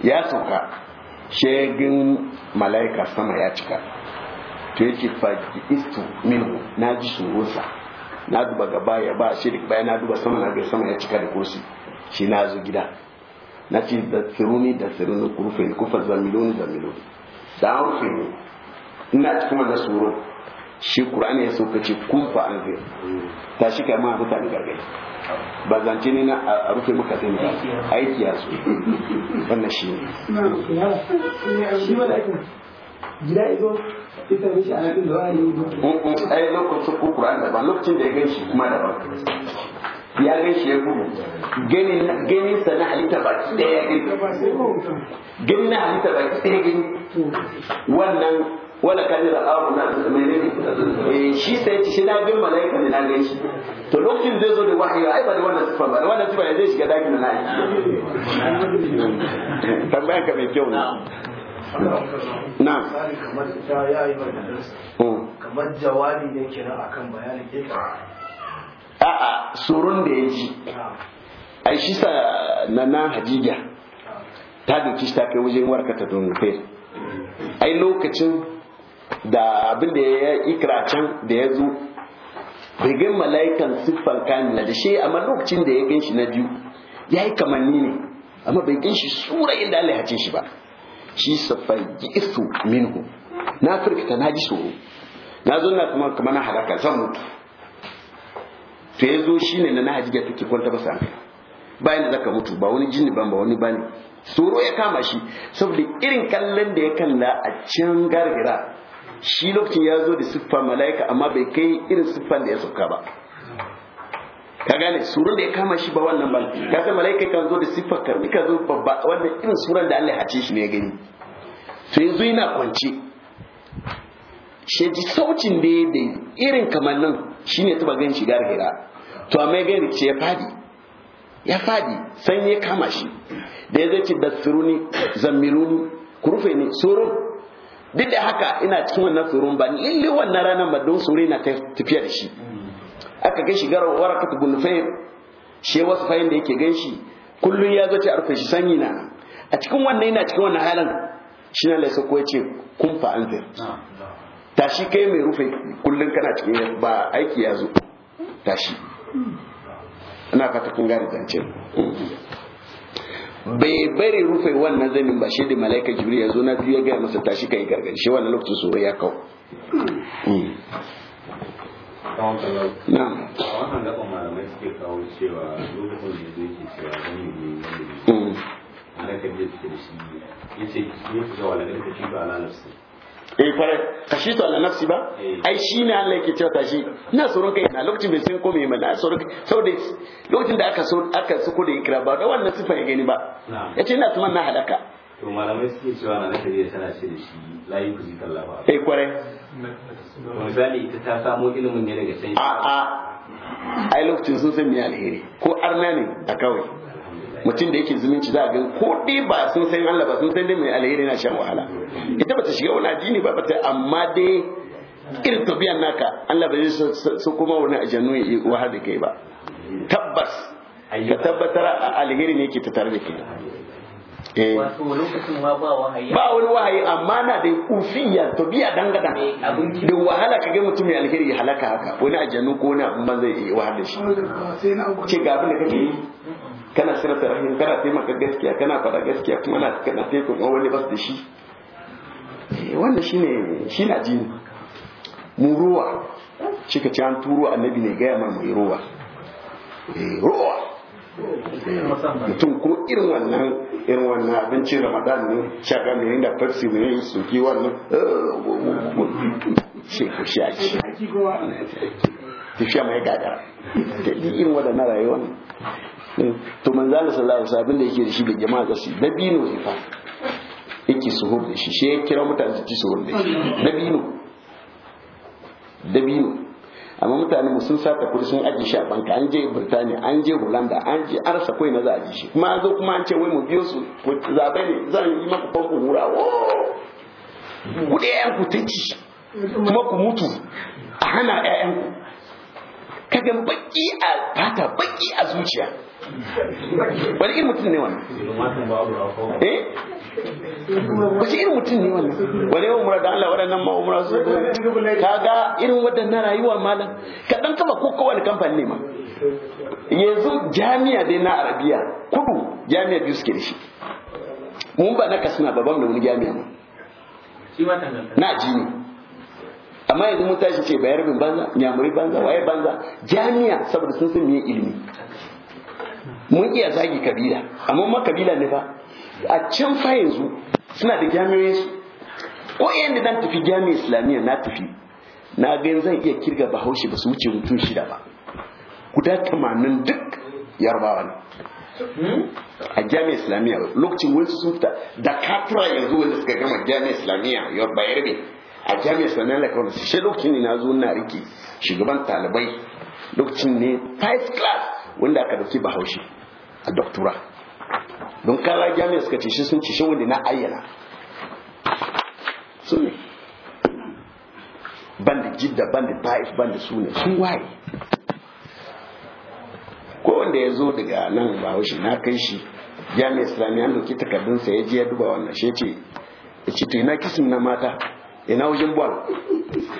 ya sauka shegin mala'ika sama ya cika to yake faji istu min na ji tsoronsa na duba gaba ya ba shi daga baya na duba sama na ga sama ya cika da kursi shi na zo gida na ce da tsiruni da tsiruni kurfe kufa zamiloni zamiloni da an fi ina cikin wannan tsoron shi qur'ani ya sauka ce kun fa zai ta shi kai ma mutane gargadi ba zance ne na a rufe maka sai ba aiki ya so wannan shi ne lokacin da ya gan shi kuma da ba ya gan ya gudu ganin sa na halitta ba daya gani ganin na halitta ba daya gani wannan wala da abu na menene eh shi sai ci shi na bin malaika ne na gaishe to lokacin zai zo da wahayi ai ba da wannan sifa ba wannan sifa ya zai shiga dakin na yi tambayan ka mai kyau ne na hmm. kamar jawabi ne kenan akan bayanin ikra a'a surun da ya ji ai shi sa na na hajija ta shi ta kai wajen warkata don kai ai lokacin da abin da ya ikra can da ya zo bai gan mala'ikan siffar kamila da shi amma lokacin da ya gan shi na biyu ya yi kamanni ne amma bai gan shi sura inda Allah ya shi ba shi safai gi'isu minhu na firkita na ji tsoro na zo na kuma kamar na zan mutu to ya zo shi ne na na hajiya take kwanta masa hankali bayan da zaka mutu ba wani jini ban ba wani bane tsoro ya kama shi saboda irin kallon da ya kalla a can gargara shi lokacin ya zo da siffar mala'ika amma bai kai irin siffar da ya sauka ba ka gane surun da ya kama shi ba wannan ba ka san mala'ika kan zo da siffar karbi ka zo babba wannan irin suran da Allah ya hace shi ne ya gani to yanzu yana kwance shi saucin da ya dai irin kamar nan shine tuba gan shiga hira to amma ya gani ce ya fadi ya fadi san ya kama shi da ya zai ce dasturuni zammiluni ku ne surun duk da haka ina cikin wannan tsoron ba lalle wannan ranar ba don tsoro na tafiya da shi aka gashi gara warakatu bin shi wasu fahim da yake gan shi kullum ya zo ta arfa shi sanyi na a cikin wannan ina cikin wannan halin shi na laisa ko ce kun fa zai? tashi kai mai rufe kullum kana cikin ba aiki ya zo tashi ina fata kun gane zancen bai bari rufe wannan zanin ba shi da malaika jibril ya zo na biyu ya gaya masa tashi kai gargadi shi wannan lokacin tsoro ya kawo hmm. na wannan gaban hmm. malamai suke kawo cewa lokacin da zai ke cewa zanin ne ne ana kaje da shi yace ne ya ga wala da kace ba lalas eh fara kashi to Allah nafsi ba eh. ai shi ne Allah yake cewa tashi ina tsoron kai na lokacin bai san ko me mana tsoron kai saboda lokacin da aka so aka suko da ikra ba da wannan sifa ya gani ba yace ina tuman na hadaka. to malamai suke cewa na nakari tana shi da shi la yuzi kallahu eh kware misali ita ta samu ilimin ne daga sai a a ai lokacin sun san me alheri ko arna ne a kawai mutum da yake zumunci za a gan ko dai ba sun san Allah ba sun san dai mai alheri na shan wahala ita bata shiga wani addini ba bata amma dai irin tabiyan naka Allah ba zai su kuma wani ajannu ya wahar da kai ba tabbas ka tabbatar a alheri ne yake ta tare da kai eh. ba wani wahayi amma na da ufiya to biya dangada eh, da wahala ka ga mutum mai alheri ya halaka haka wani ajanu ko wani abin ban zai wahala shi ce ga abin da kake yi kana sirata rahim kana taimaka gaskiya kana faɗa gaskiya kuma na kana taimaka wani bas da shi eh, wannan shine shi na jini mu ruwa shi ka ci an turo annabi ne gaya mana mai ruwa eh, ruwa mutum ko irin wannan irin wannan abincin ramadan ne shaga eh, mai da farsi mai yin soki wannan shi a shi tafiya mai gada da irin wadannan rayuwa to manzo Allah sallallahu alaihi wasallam da yake da shi da jama'a gasi dabino ne fa yake suhur da shi shi ya kira mutane su ci suhur da shi dabino dabino amma mutane sun sata kudi sun aji shi a banka an je Birtaniya an je Holanda an je arsa koi na za a ji shi kuma an zo kuma an ce wai mu biyo su zabe ne zan yi maka farko hura ku kuɗe ku ta ci kuma ku mutu a hana 'ya'yanku kaga baki a fata baki a zuciya wani irin mutum ne wannan eh wace irin mutum ne wannan wani yawan mura da Allah waɗannan ma umra su kaga irin waɗannan rayuwa malam ka dan taba ko kowane kamfani ne ma yanzu jami'a dai na arabiya kudu jami'a biyu suke da shi mun ba na kasna babban da wani jami'a ma na ji ne amma yanzu mun tashi ce bayar bin banza nyamuri banza waye banza jami'a saboda sun san meye ilimi mun iya zagi kabila amma ma kabila ne fa a can fa yanzu suna da jami'oyin su ko yanda dan tafi jami'a islamiyya na tafi na ga zan iya kirga bahaushe ba su wuce mutum shida ba guda tamanin duk yarbawa ne hmm? a jami'a islamiyya lokacin wani sun fita da katura yanzu wanda suka gama jami'a islamiyya bayar yarbe a jami'a sanar da kawai shi lokacin ne na zo na rike shugaban talibai lokacin ne five class wanda aka dauki bahaushe a doktora don kala jami'a suka ce sun ci wanda na ayyana su ne banda jidda banda baif banda su ne sun waye ko wanda ya zo daga nan bahaushe na kai shi jami'a islamiyya an dauki takardunsa ya je ya duba wannan shi ya ce ya ce to ina kisin na mata ina wajen bol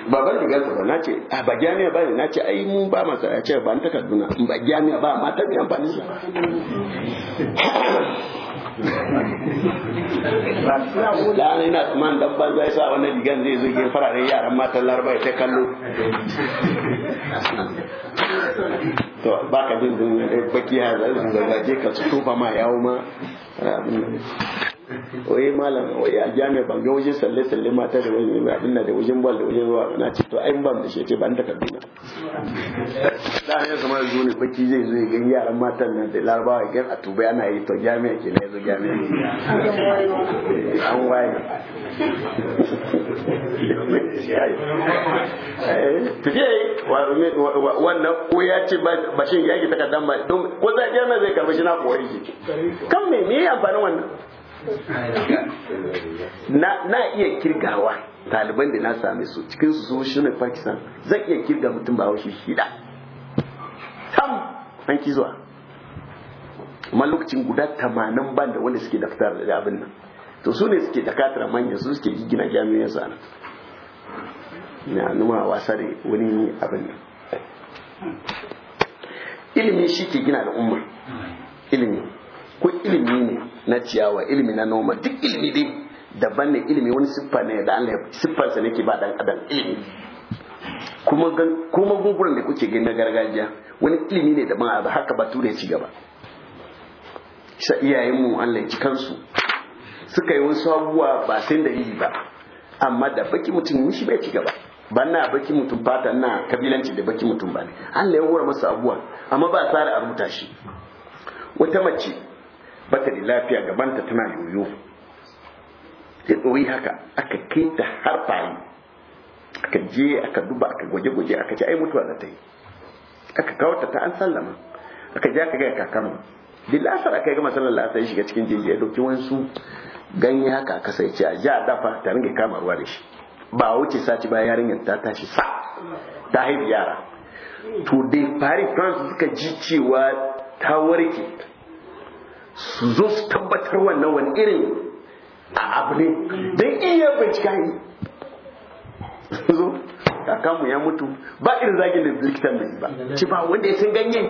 ba ban rigarsa ba nace a ah, ba jami'a ba ne nace ai mun ba masa ya ce ba ta kaduna in ba jami'a ba ma ta biyan fani sa da ina tsaman dabba banza sa wani digan zai zo ke fararen yaran matan laraba ta kallo to ba ka jin baki ya zai zai ka su tofa ma yawo ma wai malam wai a jami'a ban ga wajen salle salle mata da wajen abin da wajen bal da wajen ruwa na ce to ai ban da shi ce ban da kaduna da ya kamar zo ne baki zai zo ga yaran matan nan da larabawa gan a tuba yana yi to jami'a ke na yazo jami'a an waye eh, tafiya yi wannan ko ya ce ba shi yaki takardar ba don ko za jami'a zai karbi shi na yake kan me me amfani wannan na iya kirgawa taliban da na same su cikin su shi ne pakistan zan iya kirga mutum ba shi shida tam an ki zuwa amma lokacin guda tamanin ban da wanda suke daftar da abin nan to su ne suke dakatar manya su suke gina jami'an sa na numa wasa da wani abin nan ilimi shi ke gina da umma ilimi ko ilimi ne na ciyawa ilimi na noma duk ilimi dai daban ne ilimi wani siffa ne da Allah siffansa ne ke ba dan adam ilimi kuma gan, kuma gungurin da kuke gani na gargajiya wani ilimi ne daban a haka ba tura ya ci gaba sa mu Allah ya ci kansu suka yi wasu abubuwa ba sai yi ba amma da baki mutum shi bai ci gaba ba na baki mutum fata na kabilanci da baki mutum ba ne Allah ya hura masa abubuwa amma ba tsara a rubuta shi wata mace bata da lafiya gabanta tana yoyo sai tsori haka aka kai ta har fayi aka je aka duba aka gwaje-gwaje aka ce ai mutuwa da ta yi aka kawo ta an sallama aka je aka gaya kakamu da lasar aka yi gama sallar lasar ya shiga cikin jinji ya dauki wansu ganye haka aka sai a ja dafa ta ringa kama ruwa da shi ba wuce sati ba yarinyar ta tashi sa ta haifi yara to dai fari france suka ji cewa ta warke su zo su tabbatar wannan wani irin abu ne don iya bincika yi zo kakanmu ya mutu ba irin zagin da likitan bai ba ci ba wanda ya san ganye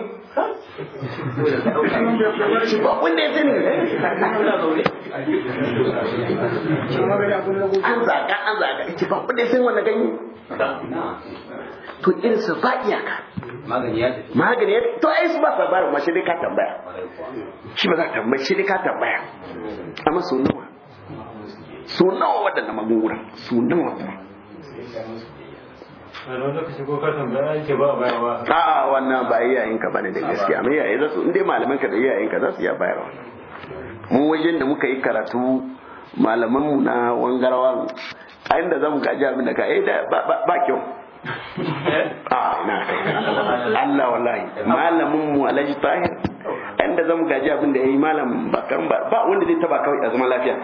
ci ba wanda ya san an zaga an zaga ci ba wanda ya san wannan ganye to irinsa ba iyaka magani ya magani ya to ai su ba labarin ma shi ka tambaya shi ba za ta tambaya shi ka tambaya amma su nawa su nawa waɗannan magunguna su nawa a wannan ba iyayen ka bane da gaskiya amma iyaye za su in malaman ka da iyayen ka za su iya bayarwa mu wajen da muka yi karatu malaman mu na wangarawan a inda zamu gaji abin da ka eh ba kyau Eh? Ah, a kai Allah wallahi malamin mu Alhaji Tahir inda zamu gaji abin da yayi malam bakan ba ba wanda zai taba kawai a zaman lafiya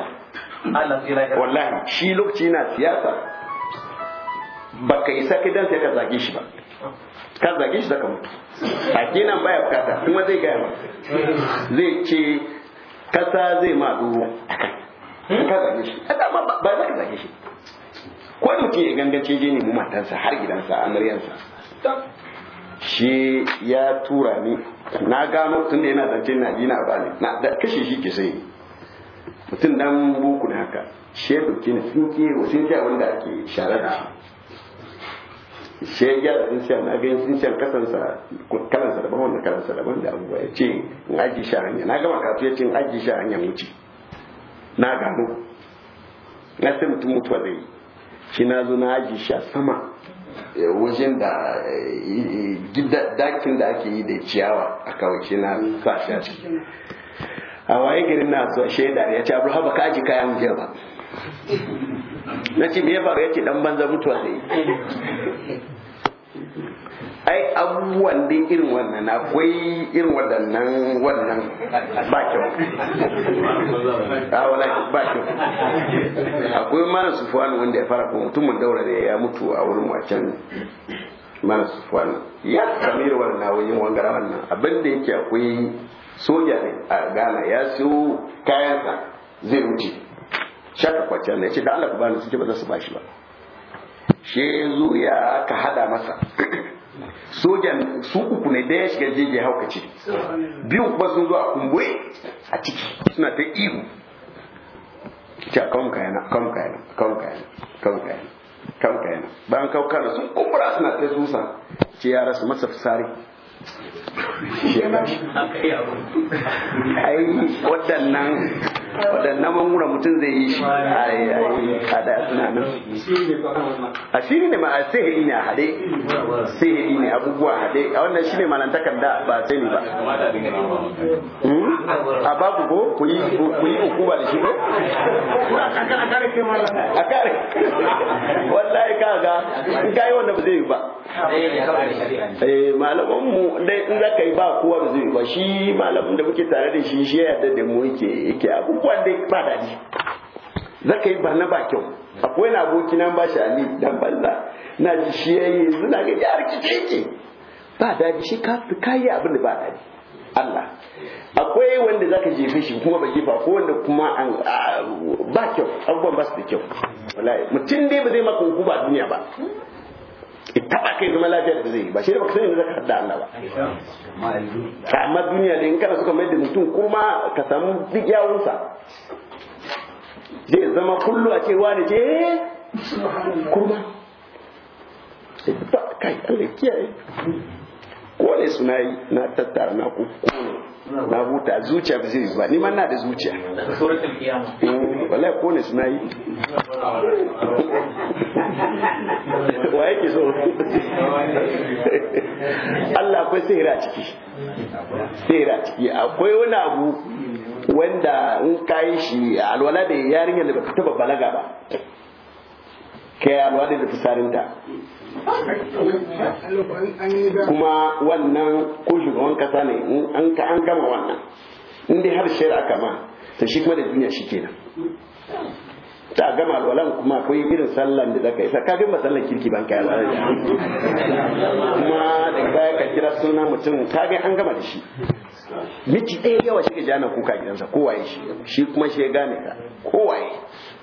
wallahi shi lokaci na siyasa baka isa kai dan sai ka zage shi ba ka zage shi da mutu a kina baya bukata kuma zai gaya ba zai ce kasa zai ma duro akan ka zage shi ba za ka zage shi ko mutum ya gangace je ne matansa har gidansa a amaryansa shi ya tura ni na gano tun da yana zance na ji na bani na da kashe shi ke sai mutum dan buku na haka shi ya dauke ni sun ke sun ce wanda ake share da shi shi ya gyara sun ce na ga sun ce kasansa kalansa daban wanda kalansa daban da abubuwa ya ce in aji sha hanya na gama karatu ya ce in aji sha hanya wuce na gano na sai mutum mutuwa zai yi shi na zo na aji shi sama eh, wajen da eh, eh, dakin da ake yi da ciyawa a kawai na sa a ciki a waye gari na so shaida ya ce abu haba kaji kayan jiya ba na ce me ya faru ya ce dan banza mutuwa ne ai abubuwan din irin wannan akwai irin waɗannan wannan ba kyau ah, ba kyau akwai mara sufuwan wanda ya fara kuma mutumin daura da ya mutu a wurin wacan mara sufuwan ya sami irin wannan wajen wangara wannan abin da yake akwai soja ne a ghana ya siyo kayansa zai wuce shaka kwanciyar na ya ce da allah ku bani sun ba za su bashi ba shi zo ya ka hada masa sojan su uku ne daya shiga jeje haukace biyu kuma sun zo a kumbuwe a ciki suna ta ihu ce kawon kayana kawon kayana kawon kawon bayan kawo sun kumbura suna ta zusa ce yara su masa fusari shi shi yana a ai waɗannan waɗannan manguna mutum zai yi shi a kada suna nan a shiri ne ma a sihiri ne a haɗe sihiri ne abubuwa haɗe a wannan ne malantakar da ba sai ne ba hmm? a babu ko ku yi uku ba da shi ko a kare wallahi kaga in kai wanda ba zai yi ba eh malaman mu dai in zaka yi ba kowa ba zai yi ba shi malamin da muke tare da shi shi ya yarda da mu yake yake abubuwa wanda da ba za zaka yi barna ba kyau akwai na aboki nan ba shi ali dan banza na ji shi yayi suna ga yar rikice yake ba dadi shi ka kayi abin da ba dadi Allah akwai wanda zaka jefe shi kuma ba jefa ko wanda kuma an ba kyau abubuwan ba su da kyau wallahi mutum dai ba zai maka hukuma duniya ba taba kai zama lafiya da zai ba shi da baka sani da zaka hada Allah ba amma duniya da in kana suka mai da mutum kuma ka samu duk yawunsa zai zama kullu a ce wani ce eh, kurma kai Allah kiyaye kone suna yi na tattara na ku kone na huta zuciya ba zai ba ni na da zuciya eh, wallahi kone suna yi wa yake so Allah akwai sihira ciki sihira ciki akwai wani abu wanda in kayi shi alwala da yarinyar da ba ta taba balaga ba ka yi alwada da fusarinta kuma wannan ko shugaban kasa ne an ka an gama wannan inda har har aka ma ta shi kuma da duniya shi kenan ta gama alwalan kuma akwai irin sallan da zaka yi sa kagin ba sallan kirki ban kai alwala kuma da kai ka kira suna mutum ga an gama da shi miki ɗaya yawa shi ke jana kuka gidansa kowaye shi shi kuma shi ya gane ka kowaye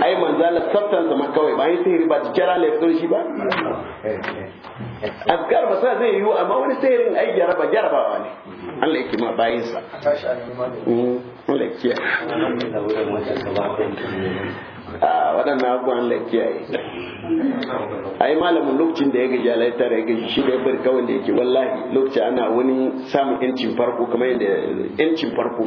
ai manzo Allah tsaftan sama kawai ba yi sihiri ba cikira ne fito shi ba azkar ba sai zai yi amma wani sihirin ai jaraba jarabawa ne Allah yake ma bayin sa mm, Allah yake a ah, waɗannan abubuwan Allah kiyaye ai malamin lokacin da ya gaji Allah ya ya gaji shi da ya bari kawai da yake wallahi lokacin ana wani samun yancin farko kamar yadda yancin farko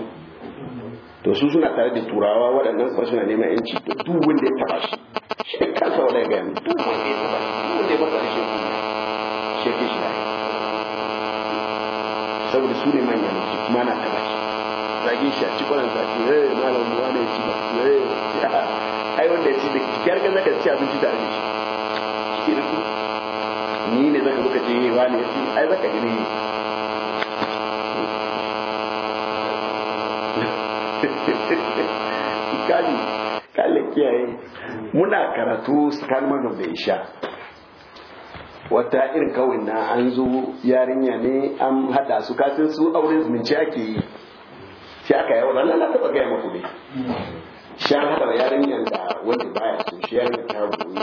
to su suna tare da turawa waɗannan kuma suna neman yanci to duk wanda ya taɓa shi shi kansa wanda ga yanzu mu duk wanda ya taɓa shi duk wanda ya masa shi shi ke shi dai saboda su ne manyan su kuma na taɓa shi zage shi a cikin zafi eh, ya yi malam ruwa ne ci ba eh, ya ai wanda ya ci da kyar ga zaka ci abinci tare da shi shi ne ni ne zaka buka je eh, wani ya ci ai zaka gani kiyaye muna karatu tsakanin magrib da isha wata irin kawai na an zo yarinya ne an hada su kasin su auren zumunci ake yi sai aka yi wannan na taba gaya maku ne shi an hada yarinya da wanda baya su shi yarinya ta goyi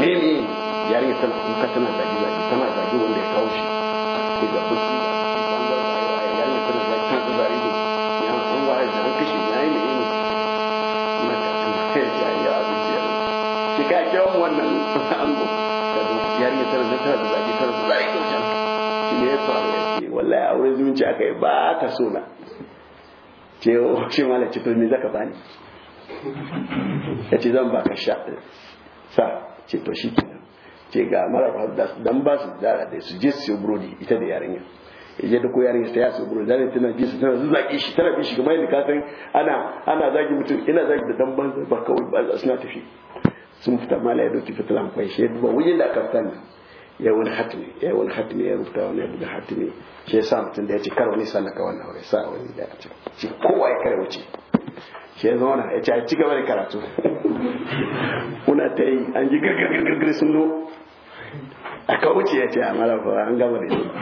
ne ne yarinya tana kuka tana zagi zagi tana zagi wanda ya kawo shi ko ga kuka garin ya yi mai mata jariya a wannan ango da zuciyar ce zumunci aka ka so na ce shi mala ce to me zaka bani ya ce zan baka sha sa ce to shi kenan ce ga mara dan ba su dara da su je su burodi ita da yarinya ya da ko yarin ta ya su gurin da tana bi su tana zaki shi tana bi shi kamar yadda ka san ana ana zagi mutum ina zagi da dan banza ba kawai ba suna tafi sun fita mala ya dauki fitilan kwai shi ba wajen da aka fita ya wani hatimi ya wani hatimi ya rufta wani da hatimi shi ya sa mutum da ya ce ne wani sallaka wannan wani sa wani da ya ce kowa ya kare wuce shi ya zauna ya ce a ci gaba da karatu kuna ta yi an ji gargargargar sun zo aka wuce ya ce a ah, mara kowa an gama da shi ah,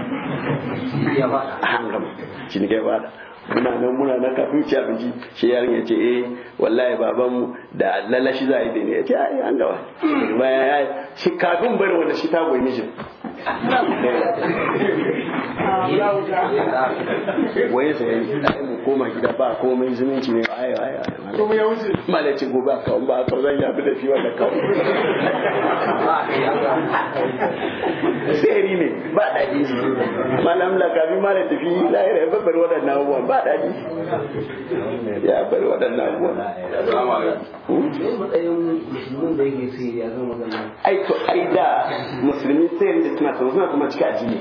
an gama shi ne bada muna nan muna nan kafin ci abinci shi yarin ya ce eh wallahi baban mu da lalashi za a yi da ya ce ai an gama bayan ya shi kafin bari wanda shi ta goyi mijin waye sai ai mu koma gida ba komai zumunci ne ai ai komai ya wuce malaci gobe ka ba ka zan ya bi da fi wanda ka sai ne ba daɗi shi malam la kafi mala tafi lahira ya bar waɗannan abubuwan ba daɗi ya bar waɗannan abubuwan hmm? ai to ai da musulmi sai da suna suna kuma cika addini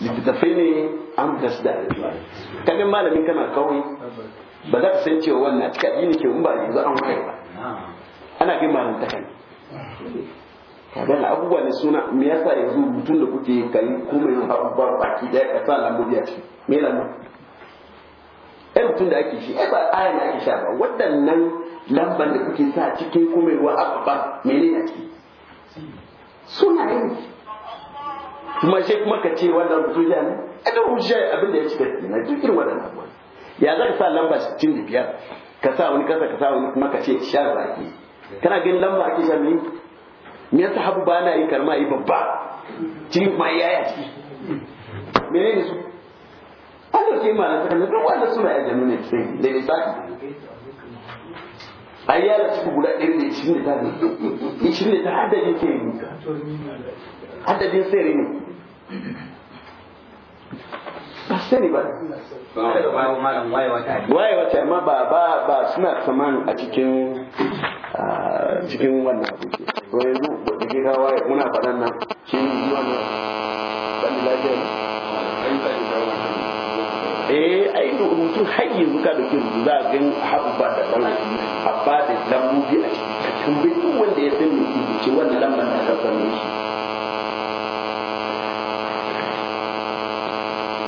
littattafai ne an gasu da aljuwa kamin malamin kana kawai ba za ka san cewa wannan cika yi ne ke ba yanzu an kai ba ana bin malam ta kai kaga abubuwa ne suna me yasa yanzu mutum da kuke kai kuma yin abubuwa baki daya ka sa lambobi a ciki me lambo ɗan mutum da ake shi ba ayan da ake sha ba waɗannan lamban da kuke sa cikin kuma yi wa abubuwa ne a ciki suna ne kuma sai kuma ka ce wannan rubutu ya ne a da abin da ya cika na duk irin waɗannan abubuwa ya za ka sa lamba 65 ka sa wani kasa ka sa wani kuma ka ce sha ake kana gani lamba ake sha ne me yasa habu ba na yi karma yi babba cin kuma yaya ciki menene su an dauke ma ta sakan duk wanda suna ya jami'a ne da lissafi ai ya rasu guda ɗari da ishirin da tare ishirin da ta haddadin sai rini haddadin sai rini ba sani ba waye wata amma ba ba ba suna saman a cikin cikin wannan abu ke to yanzu da ke kawo waye muna faɗan nan shi yi zuwa ne ban da lafiya ne eh cikin har yanzu da dauke rubutu za a gani haɓuɓɓa da ɗan a ba da lambobi a cikin ka wanda ya sani ke ce wanda lambar da ka same shi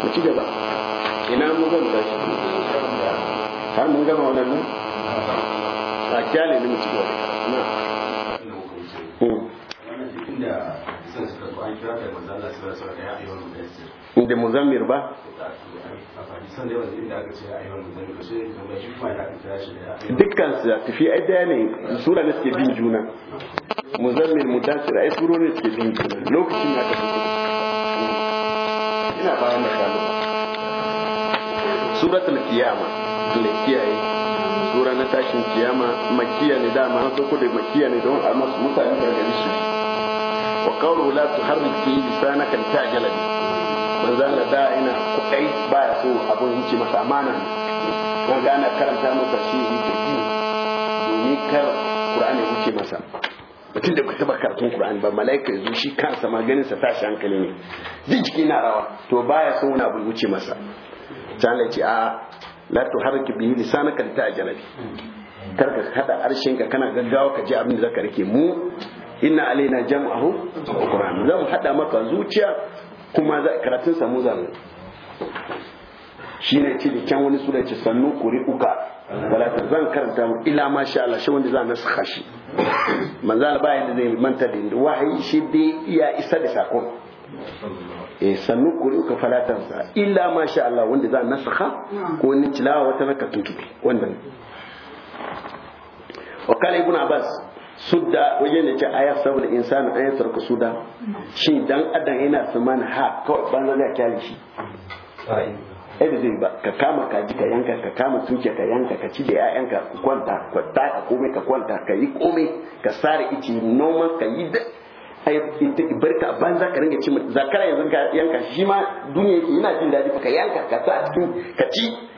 mu ci gaba ina mu zan shi. har mun gama wannan nan a kyale ne mu ci gaba hmm. inda muzammir ba dukkan su tafi ai daya ne sura ne suke bin juna muzammil mudassir ai sura ne suke bin juna lokacin na da ina bayan da kalu suratul kiyama dole kiyaye sura na tashin kiyama makiya ne dama an sauko da makiya ne don a masu mutane gargadi su wa qawlu la tuharrik fi lisanaka ta'jala bihi manzo Allah da ina kudai ya so abin yake masa amana kan ga ana karanta masa shi yake yi domin kar Qur'ani yake masa mutum da kuka karatun Qur'ani ba malaika yazo shi kansa maganin sa tashi hankali ne jin jiki na rawa to ya so wani abin wuce masa ta Allah ce a la tuharrik bihi lisanaka ta'jalabi kar ka hada arshin ka kana gaggawa ka ji abin da zaka rike mu inna alaina jam'ahu qur'an zan hada maka zuciya kuma karatun samu zamu shi ce da kyan wani sura ce sannu kuri uka ta zan karanta mu ila ma sha Allah shi wanda za na saka shi manzo Allah bayan da zai manta da inda wahayi shi dai iya isa da sako eh sannu kuri uka falatar sa ila ma sha Allah wanda za na saka ko wani tilawa wata na tuntubi wannan wa kala ibn abbas sudda wajen da ce aya saboda insani an yi sarka suda shi dan adam yana saman ha kawai ban zai kyali shi ai zai ba ka kama kaji ka yanka ka kama tuke ka yanka ka ci da ƴaƴanka ka kwanta ka taka komai ka kwanta ka yi komai ka sare ici noma ka yi da ai barka banza ka ringa ci zakara yanzu ka yanka shi ma duniya yake yana jin daɗi ka yanka ka ta cikin ka ci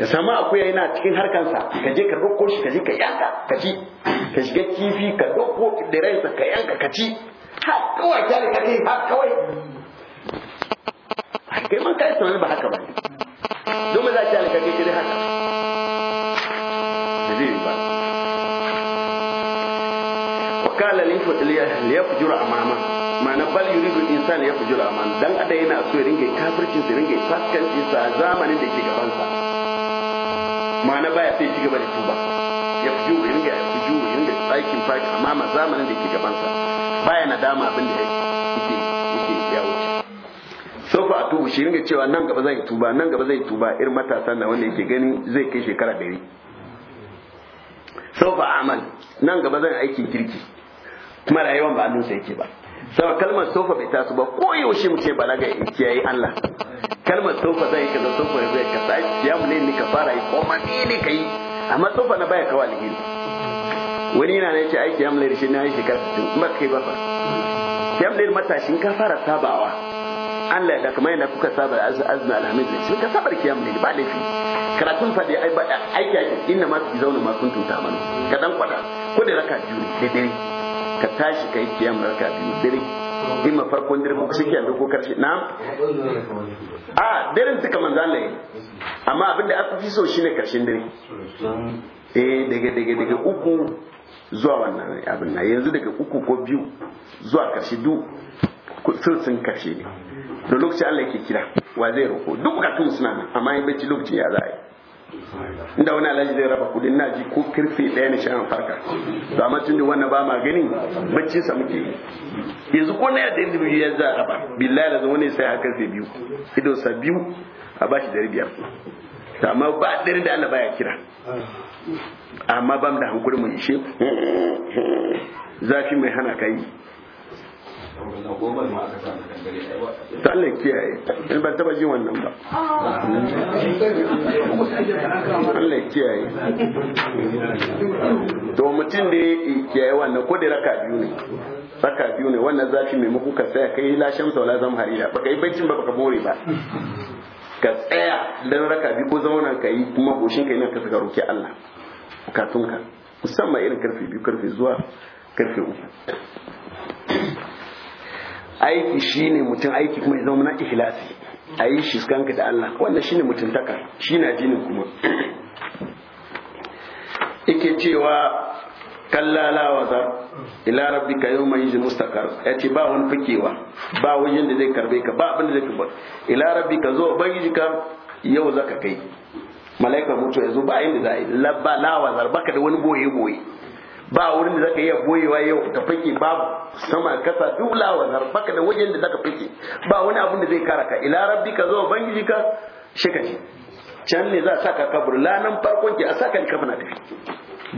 ka samu akuya yana cikin harkansa ka je ka ɗauko shi ka je ka yanka ka ci ka shiga kifi ka ɗauko da ka yanka ka ci har kawai kyale ka kai har kawai kai man kai tunani ba haka ba ne domin za kyale ka kai kiri haka da zai ba wakala liyafujura amama ma'ana bal yuridu insan liyafujura amama dan ada yana so ya ringa kafircin ya ringa fasikanci a zamanin da ke gabansa ma'ana baya sai ci gaba da tuba ya fi juwa ringa ya fi juwa ringa tsakin faki amma ma zamanin da ke gabansa baya na dama abin da yake yake ya wuce sau fa a tubu shi ringa cewa nan gaba zai tuba nan gaba zai tuba irin matasan da wanda yake gani zai kai shekara dari sau fa amal nan gaba zan aikin kirki kuma rayuwar ba annunsa yake ba sama kalmar sofa bai taso ba ko yaushe mu ce balaga ya kiyaye Allah kalmar tofa zai kaza tofa ya ka kasa ya mu ne ka fara yi kuma ni ne ka yi amma tofa na baya kawai alheri wani yana ne ce aiki ya mulai shi na yi shekara 60 in ba kai ba fa ya mulai matashin ka fara sabawa Allah ya da kamar yana kuka saba azna alhamis ne sun ka sabar ki ya mulai ba laifi karatun fadi ai ba aiki aiki inna ma su zauna ma kun tuta mana ka dan kwada ko da raka biyu da dare ka tashi kai kiyam raka biyu dare in ma farkon dare ba su kiyam ko karshe na a daren suka manza ne amma abin da aka fi so shine karshen dare eh daga daga daga uku zuwa wannan abin na yanzu daga uku ko biyu zuwa karshe du sun karshe ne da lokacin Allah yake kira wa zai roko duk bukatun suna nan amma in bacci lokacin ya za a yi inda wani alhaji zai raba kudin na ji ko kirfe ɗaya na shan farka to amma tun da wannan ba ma ganin bacci sa muke yanzu ko na yadda indibi ya za ba billahi da wani sai haka sai biyu ido sa biyu a bashi dari biyar to amma ba dare da Allah baya kira amma mu da hankuri mu ishe zafi mai hana kai ta Allah kiyaye in ban taba ji wannan ba Allah kiyaye to mutum da ya kiyaye wannan ko da raka biyu ne raka biyu ne wannan zafi mai muku ka tsaya kai la shamsa wala zam Ba ka yi baccin ba ka bore ba ka tsaya don raka biyu ko zauna ka yi kuma goshin ka yi ka saka roki Allah bukatunka musamman irin karfe biyu karfe zuwa karfe uku aiki shine mutum aiki kuma ya zama na ikhlasi a yi shi skanka da Allah wannan shine mutuntaka shi na jinin kuma ike cewa kallala wa zar ila rabbika yawma yuzi mustaqar yace ba wani fikewa ba wajen da zai karbe ka ba abin da zai kubar ila rabbika zo ubangiji ka yau zaka kai malaika mutu yazo ba inda za a yi la ba la zar baka da wani boye boye ba wurin da zaka iya boyewa yau ta fake babu sama kasa dula wa zarbaka da wajen da zaka fake ba wani abun da zai kara ka ila rabbika zo bangiji ka shika ce can ne za a saka kabur lanan farkon ki a saka likafa na tafi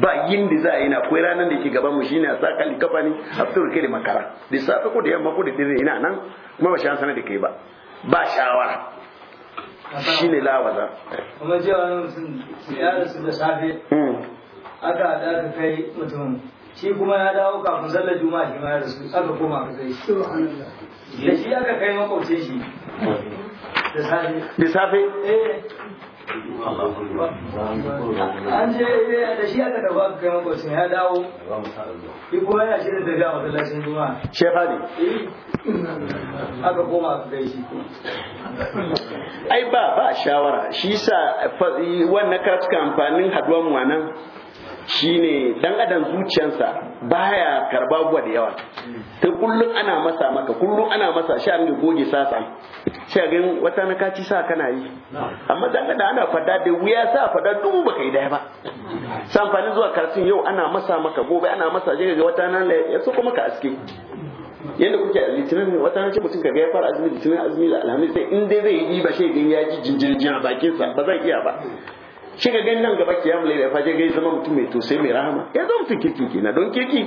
ba yin da za a yi na akwai ranar da ke gaban mu shine a saka likafa ne a fitar kai da makara da safe ko da yamma ko da dare ina nan kuma ba shan sanar da kai ba ba shawara shine lawaza kuma jiya sun ya da safe hmm. aka haɗa aka kai mutum shi kuma ya dawo kafin sallar juma'a shi ma ya rasu aka koma aka kai da shi aka kai makwabcin shi da safe da safe eh. an je eh, da shi aka tafi aka kai makwabcin ya dawo shi kuma yana shirin da a masallacin juma'a shefa ne eh. aka koma ka kai shi ai ba ba shawara shi sa wannan karatuka amfanin haduwan mu nan shine dan adam zuciyarsa baya karba abubuwa da yawa ta kullum ana masa maka kullum ana masa shi an goge sasa a gani wata na kaci sa kana yi amma dan adam ana fada da wuya sa fada dubu baka yi daya ba san fani zuwa karsin yau ana masa maka gobe ana masa je ga wata nan ya so kuma ka aske yadda kuke a litinin wata nace mutum ka gaya ya fara azumi litinin azumi alhamis sai in dai zai yi ba shi ya ji jiya a bakinsa ba zan iya ba shi ga gani nan gaba kiyam lai fa je ga zama mutum mai sai mai rahama ya zo mutum kirki na don kirki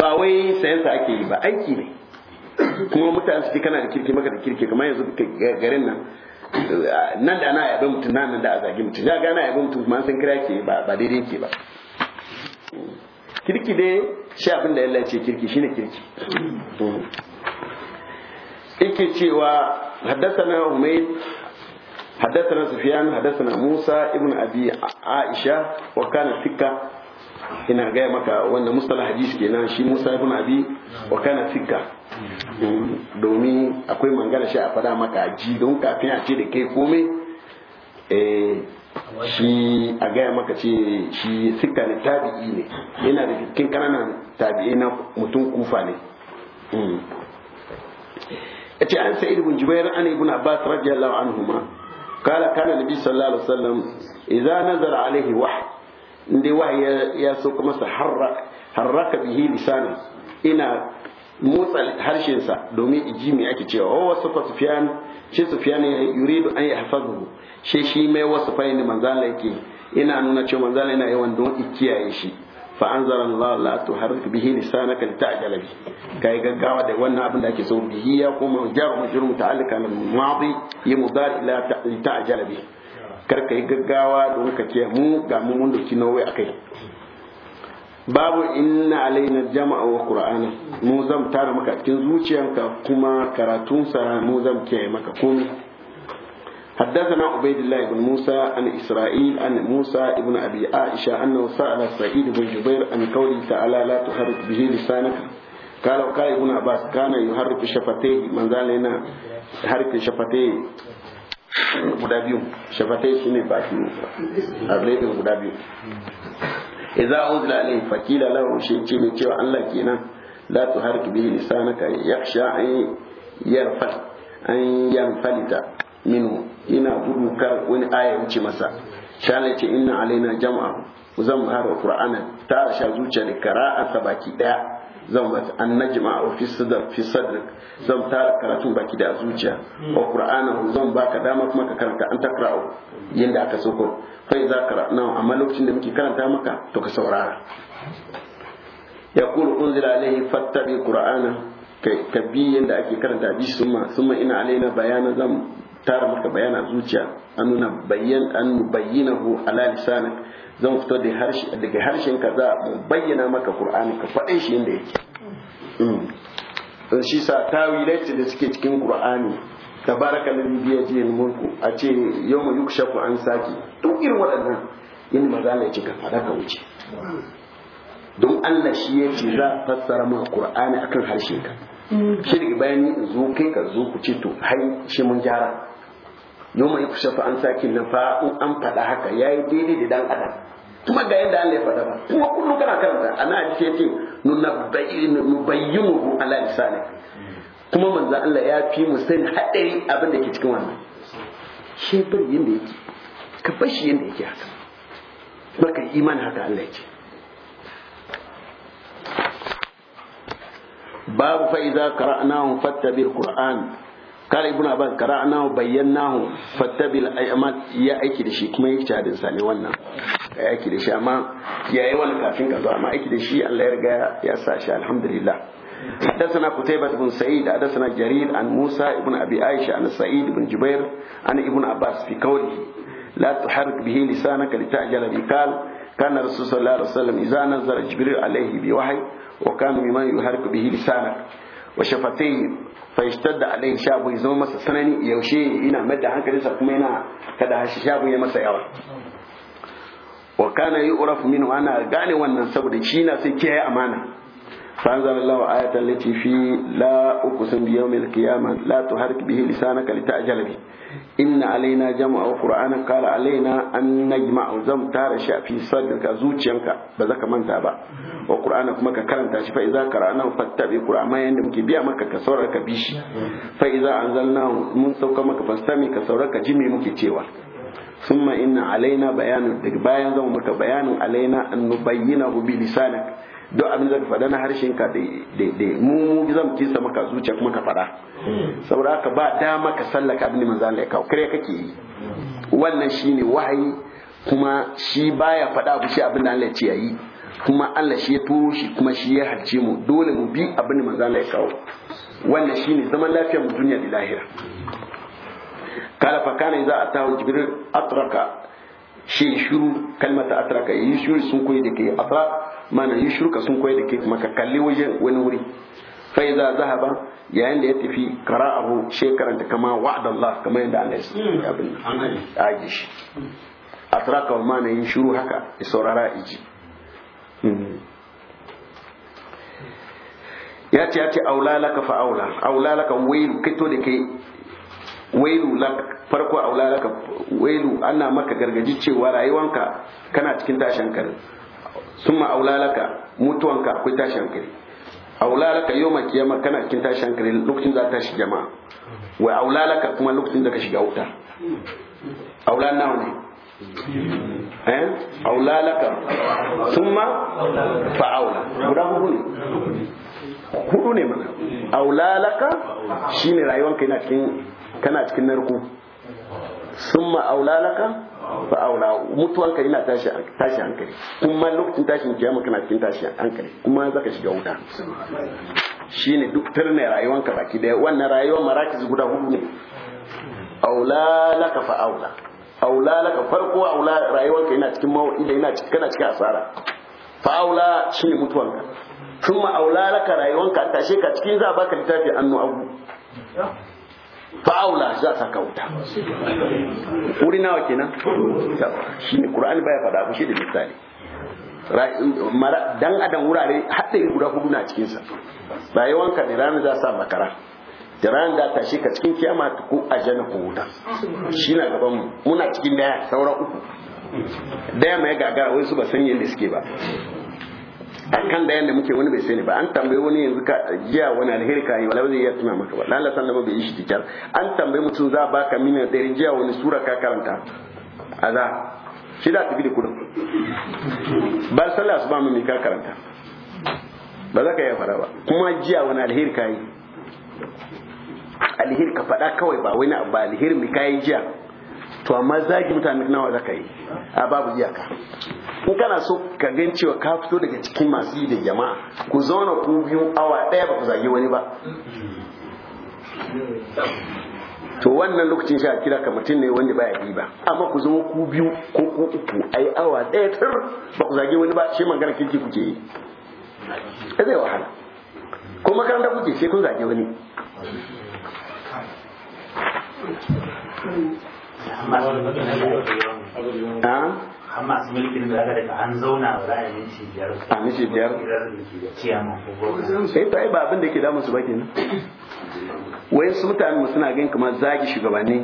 ba wai sayansa ake yi ba aiki ne kuma mutane suke kana da kirki maka da kirki kamar yanzu garin nan nan da ana yabe mutum nan da a zagi mutum ya gana yabe mutum kuma san kira ke ba ba daidai ke ba kirki dai shi abin da Allah ce kirki shine kirki yake cewa na umayd حدثنا سفيان حدثنا موسى ابن ابي عائشه وكان ثقه هنا جاي maka wannan مصطلح حديث kenan شي موسى ابن ابي وكان ثقه دومي اكو من قال شي افدا fada جي دون كافي kafin a ce da eh shi a gaya maka ce shi sika ne tabi'i ne yana da cikin kananan tabi'i na mutum kufa ne ce an sa'id ibn Jubair an ibn Abbas radiyallahu anhuma kala kana nabi sallallahu alaihi wasallam idza nazara alaihi wahy inda wahy ya saka kuma sa harraka bihi lisana ina motsa harshensa domin iji me ake cewa wa wasafa sufyan shi sufyan yuridu an yahfazuhu shi shi mai wasafa ne manzo Allah ina nuna cewa manzo Allah yana yawan don ikiyaye shi fa anzara Allah la tuharrik bihi lisanaka litajala bi kai gaggawa da wannan abin da ake so bihi ya kuma jaru mashru muta'allika al madi ya mudar ila litajala bi kar kai gaggawa don ka ce mu ga mun mun doki nawai akai babu inna alaina jama'a wa qur'ana mu zam tara maka cikin zuciyanka kuma karatunsa mu zam ke maka komai حدثنا عبيد الله بن موسى عن إسرائيل عن موسى بن أبي عائشة أنه سأل سعيد بن جبير عن قوله تعالى لا تحرك به لسانك قال وقال ابن عباس كان يحرك شفتيه من ذلك حرك شفتيه guda biyu shafatai shine baki arlebin guda biyu idza uzla alayhi fakila lahu shi ce mai cewa Allah kenan la tuharki bihi lisanaka yakhsha an yarfal an yanfalita minhu Ina gudu kar wani aya wuce masa shana ce inna alaina jama'a zan hara qur'ana ta sha zuciya da ta baki daya zan mata an najma fi sadr fi sadr zan ta karatun baki da zuciya wa qur'ana zan baka dama kuma ka karanta an takra'u yanda aka so fa idza qara'na amma lokacin da muke karanta maka to ka saurara yaqul unzila alayhi fattabi qur'ana ka bi yanda ake karanta bi summa summa ina alaina bayana zan tara maka bayana zuciya an nuna bayyan an hu ala zan fito da harshe daga harshen ka za mu bayyana maka qur'ani ka faɗe shi inda yake mm. shi sa tawilai da suke cikin qur'ani tabaraka lillahi bi yadihi mulku a ce yawma yukshafu an saki duk irin waɗannan yin magana ce ka faɗa ka wuce don Allah shi ya ce za fassara maka qur'ani akan harshen ka mm. shi daga bayan zo kai ka zo ku ce to hai shi mun gyara yoma yi kusa fa an sake nan fa in an faɗa haka ya yi daidai da dan adam kuma ga yadda Allah ya faɗa ba kuma kullum kana karanta ana ce ce hu ala lisani kuma manzan Allah ya fi mu sani haɗari abin da ke cikin wannan shi yin da yake ka bar shi da yake haka baka imani haka Allah ya ce babu fa'iza qara'nahu fattabi'il qur'an kala ibnu aban qara'na wa bayyanahu fattabil ayman ya aiki da shi kuma yake cadin sa ne wannan ya aiki da shi amma yayi wannan kafin ka zo amma aiki da shi Allah ya riga ya sa shi alhamdulillah حدثنا قتيبة بن سعيد حدثنا جرير عن موسى ابن أبي عائشة عن سعيد بن جبير عن ابن عباس في قوله لا تحرك به لسانك لتعجل به قال كان الرسول صلى الله عليه وسلم إذا نزل جبريل عليه بوحي وكان بما يحرك به لسانك وشفتيه fahimtar da alai shabu ya zama masa sanani yaushe ina mai da hankalinsa kuma yana kada shabu ya masa yawa wa kana yi uraf ana gane wannan saboda shi na sai kiyaye amana فأنزل الله آية التي في لا أقسم بيوم القيامة لا تحرك به لسانك لتأجل به إن علينا جمع القرآن قال علينا أن نجمع زم تارش في صدرك زوجينك بذاك من تابع وقرآن كما كرم تاشي فإذا قرأناه فاتبع قرآن ما يندم كبيع مكا كسورك بيشي فإذا أنزلناه من سوك مكا فاستمي كسورك جمي مكتيوة ثم إن علينا بيان دقبايا زم مكا بيان علينا أن نبينه بلسانك don abin da faɗa na harshen ka da mu zan kisa maka zuciya kuma ka faɗa saboda haka ba dama ka sallaka abin manzo Allah ya kawo kare kake yi wannan shine wahayi kuma shi baya faɗa abu shi abin da Allah ya ce yayi kuma Allah shi ya turo shi kuma shi ya harce mu dole mu bi abin manzo Allah ya kawo wannan shine zaman lafiyar mu duniya da lahira kala fa kana idza atahu jibril atraka shi shuru kalmata atraka yi shuru sun koyi da ke atraka mana yi shirka sun koyar da ke maka kalli wajen wani wuri fai za zahaba yayin da ya tafi qara'ahu shekaranta kama wa'adallah kamar yadda Allah ya hmm. abin aji shi atraka wa mana yin shiru haka ya saurara iji hmm. ya ce ya ce aula laka fa aula aula laka wailu kito da ke wailu laka farko aula laka wailu ana maka gargaji cewa rayuwanka kana cikin tashin hankali summa aulalaka mutuwanka akwai tashi hankali aulalaka yau ma kiyama kana cikin tashi hankali lokacin za ta shiga jama'a wa aulalaka kuma lokacin da ka shiga wuta aulan nawa ne eh aulalaka summa fa aula guda hudu ne hudu ne mana aulalaka shine rayuwanka yana cikin kana cikin narko summa aulalaka fa mutuwan ka ina tashi tashi hankali kuma lokacin tashin kiyama kana cikin tashi hankali kuma za ka shiga wuta shine duk rayuwan ka baki daya wannan rayuwar marakis guda hudu ne aula laka fa aula na laka farko aula ka yana cikin mawadi da yana cikin kana cikin asara fa aula shine mutuwanka kuma aula laka rayuwanka ka tashe ka cikin za baka littafi annu abu fa'aula za ta kauta wuri nawa kenan shi ne qur'ani baya faɗa ku shi da misali dan adam wurare haɗin guda hudu na cikin sa wanka ne ranar za sa makara da ranar da tashe ka cikin kiyama ko aljanna ko wuta shi na gaban mu muna cikin daya sauran uku daya mai gagara wai su ba san yadda suke ba akan da yanda muke wani bai sani ba an tambaye wani yanzu ka jiya wani alheri ka yi walau zai iya tuna maka ba lalata ba bai yi shi tikar an tambaye mutum za baka miliyan ɗari jiya wani sura ka karanta za shi da tafi da kudin bar sallah su ba mu ka karanta ba za ka yi fara ba kuma jiya wani alheri ka yi alheri ka faɗa kawai ba wani abu alheri mai yi jiya to amma zagi mutane nawa zaka yi a babu iyaka in kana so ka gan cewa ka fito daga cikin masu yi da jama'a ku zauna ku biyu awa ɗaya ba ku zagi wani ba to wannan lokacin sha kira ka mutum ne wanda baya ba amma ku zama ku biyu ko ku uku ai awa ɗaya tar ba ku zagi wani ba shi magana kirki kuke yi zai wahala ko makaranta kuke sai kun zagi wani Hamas da an zauna a minti biyar. Eh, ba abin da ke damun su ba kenan. Wai su mutane mu suna gan kamar zagi shugabanni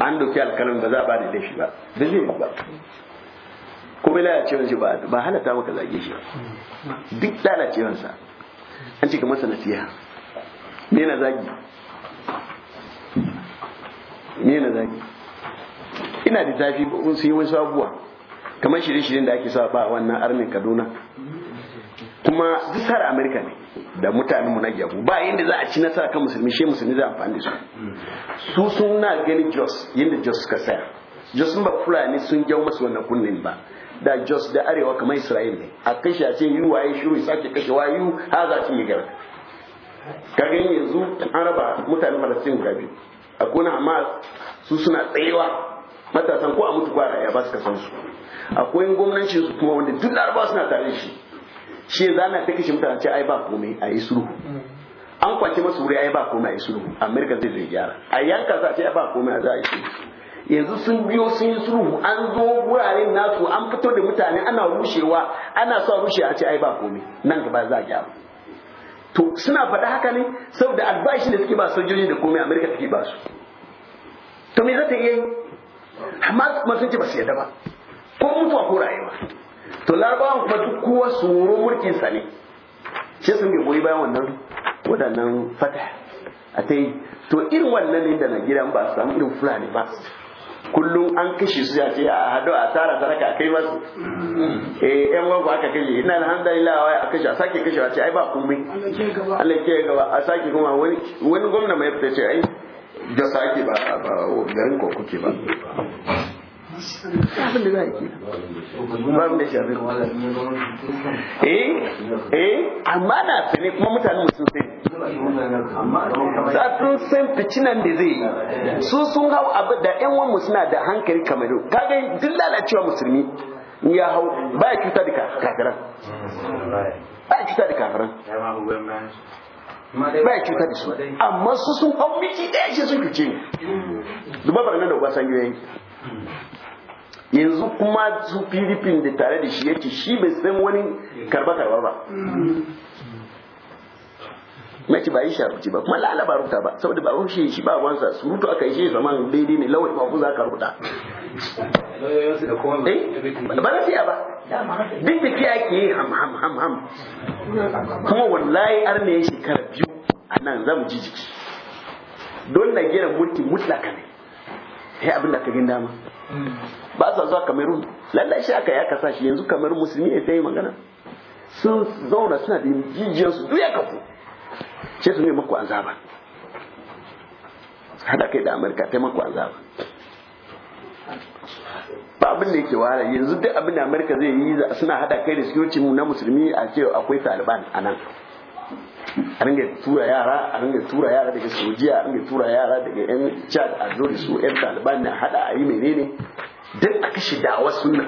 an doki alkalin ba za a ba da laifi ba. Da zai ba. Kuma lalacewan wani ba ba halatta maka zage shi ba. Duk lalacewansa an ce kamar sanatiya Me na zagi? Me na zagi? ina da zafi su yi wasu abubuwa kamar shirye-shiryen da ake saba a wannan armin kaduna kuma duk sar amerika ne da mutanen mu na gyabu ba yadda za a ci nasara kan musulmi shi musulmi za a amfani da su su sun na gani jos yadda jos suka saya jos sun ba fulani sun gyau masu wannan kunnen ba da jos da arewa kamar isra'il ne a kashe a ce yi waye shiru sake kashe wayu ha za su yi Ka gani yanzu an raba mutanen falastin guda biyu a kona hamas su suna tsayewa matasan ko a mutu ko a raya ba su kasan su akwai gwamnancin su kuma wanda duk laraba suna tare shi shi ya zana ta kishi mutane ce ai ba komai a yi suru an kwace masu wuri ai ba komai a yi suru amerika zai zai gyara a yanka sa ce ai ba komai a za a yi suru yanzu sun biyo sun yi suru an zo wuraren nasu an fito da mutane ana rushewa ana sa rushe a ce ai ba komai nan gaba za a gyara to suna faɗa haka ne saboda albashi da suke ba sojoji da komai amerika take ba su to me za ta iya yi amma masu ce ba su yadda ba ko mutuwa ko rayuwa to larabawa kuma duk kowa tsoro mulkin sa ne shi sun bai goyi bayan wannan waɗannan fata a ta yi to irin wannan ne da na gida ba su irin fulani ba kullum an kashe su ya ce a hado a tara saraka a kai masu eh yan wanku aka kashe ina alhamdulillah wai a kashe a sake kashe wace ai ba komai Allah ke gaba a sake kuma wani gwamna mai fita ce ai jasa ake ba a ba garin ko kuke ba abin da za a ke ba da shafi eh eh amma na sani kuma mutane sun sani za sun san ficinan da zai su sun hau abu da yan wanmu suna da hankali kamar yau kaga duk lalacewa musulmi ya hau ba ya cuta da kafiran ba ya cuta da kafiran ba ya cutar da su amma su sun hau miki ɗaya ce sun cuce ni duba barna da ubasanjo yanzu kuma su filifin da tare da shi yake shi bai san wani karba karba ba mace ba yi sharuci ba kuma lala ba rubuta ba saboda ba rushe shi ba wansa surutu aka yi shi zaman daidai ne lawai ba ku za ka rubuta eh, ba na siya ba duk da kiya ke ham ham ham ham kuma wallahi ar ne shekara biyu a nan za ji jiki don na gina mulki mutlaka ne sai abin da ka gina dama ba sa zuwa kamerun lallai shi aka ya kasa shi yanzu kamar musulmi ya sai magana sun zauna suna da jijiyarsu duk ya kafu sai su ne maku azaba hada kai da amurka ta maku azaba ba abin da yake wara yanzu duk abin da amurka zai yi suna hada kai da security na musulmi a ce akwai taliban a nan a ringa tura yara a ringa tura yara daga sojiya a ringa tura yara daga yan chad a zo da su yan taliban na hada a yi menene duk a kashe dawa sunna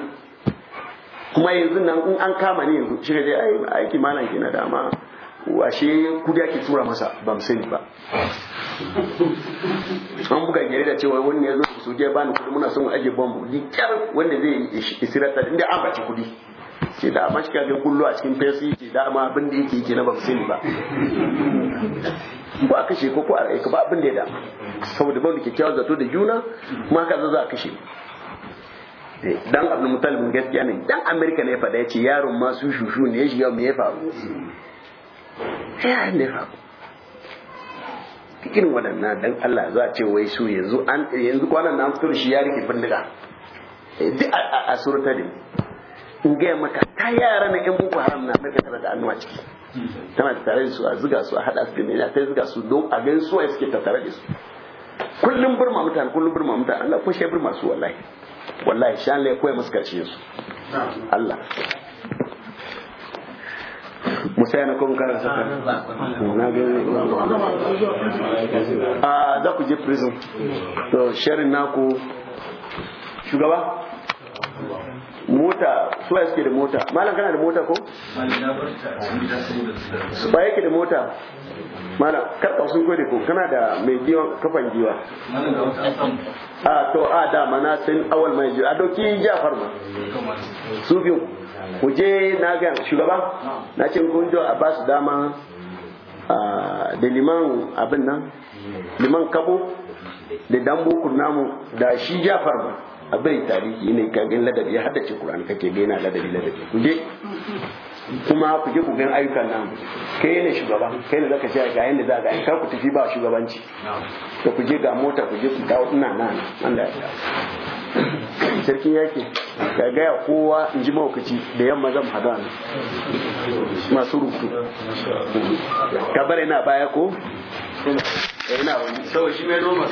kuma yanzu nan in an kama ne yanzu shi ga je aiki malam ke na dama washe kudi ake tura masa ban sani ba an buga gare da cewa wani ya zo da sojiya ba ni kudi muna son ajiye bambu dikyar wanda zai isirata inda an baci kudi ce da amma shi kaga kullu a cikin fesi ce da amma abin da yake yake na ban sani ba ba kashe ko ko arai rayu ba abin da ya dama saboda ban ke kyawar zato da juna kuma ka zaza a kashe eh, dan abdul mutalib gaskiya ne dan amerika ne ya faɗa ya ce yaron ma su shushu ne ya shiga me ya faru sai ne haifa Kikin waɗannan dan Allah za a ce wai su yanzu an yanzu kwanan nan fito shi ya rike bindiga eh, duk a surta ne. in ga maka ta yara na yan boko haram na mai tattara da annuwa ciki tana tare da su a zuga su a haɗa su da mai ta zuga su don a gan suwaye suke tattare da su kullum burma mutane kullum burma mutane Allah ko shi burma su wallahi wallahi shan lai koyi musu su Allah musaya na kuma karan saka na gani a ah, za ku je prison to sharin naku shugaba mota su ya suke da mota malam kana da mota ko su ba yake da mota malam karɓa sun gode ko kana da mai giwa kafan giwa a ah, to a ah, dama na sun awal mai giwa a doki jafar ma su biyu ku je na ga shugaba na ce kun jo a basu dama da liman abin nan liman kabo da dambo kurnamu da shi jafar ba bai tarihi ne kagin ladabi ya haddace kur'an kake gaina ladabi ladabi ku je kuma ku je ku gan ayyukan nan kai ne shugaba kai ne zaka ce ga yanda za ga ka ku tafi ba shugabanci to ku je ga mota ku je ku dawo ina nan Allah ya sarki yake ka gaya kowa in ji maukaci da yamma zan hada ne masu ka kabar na baya ko yana eh, wani sau shi mai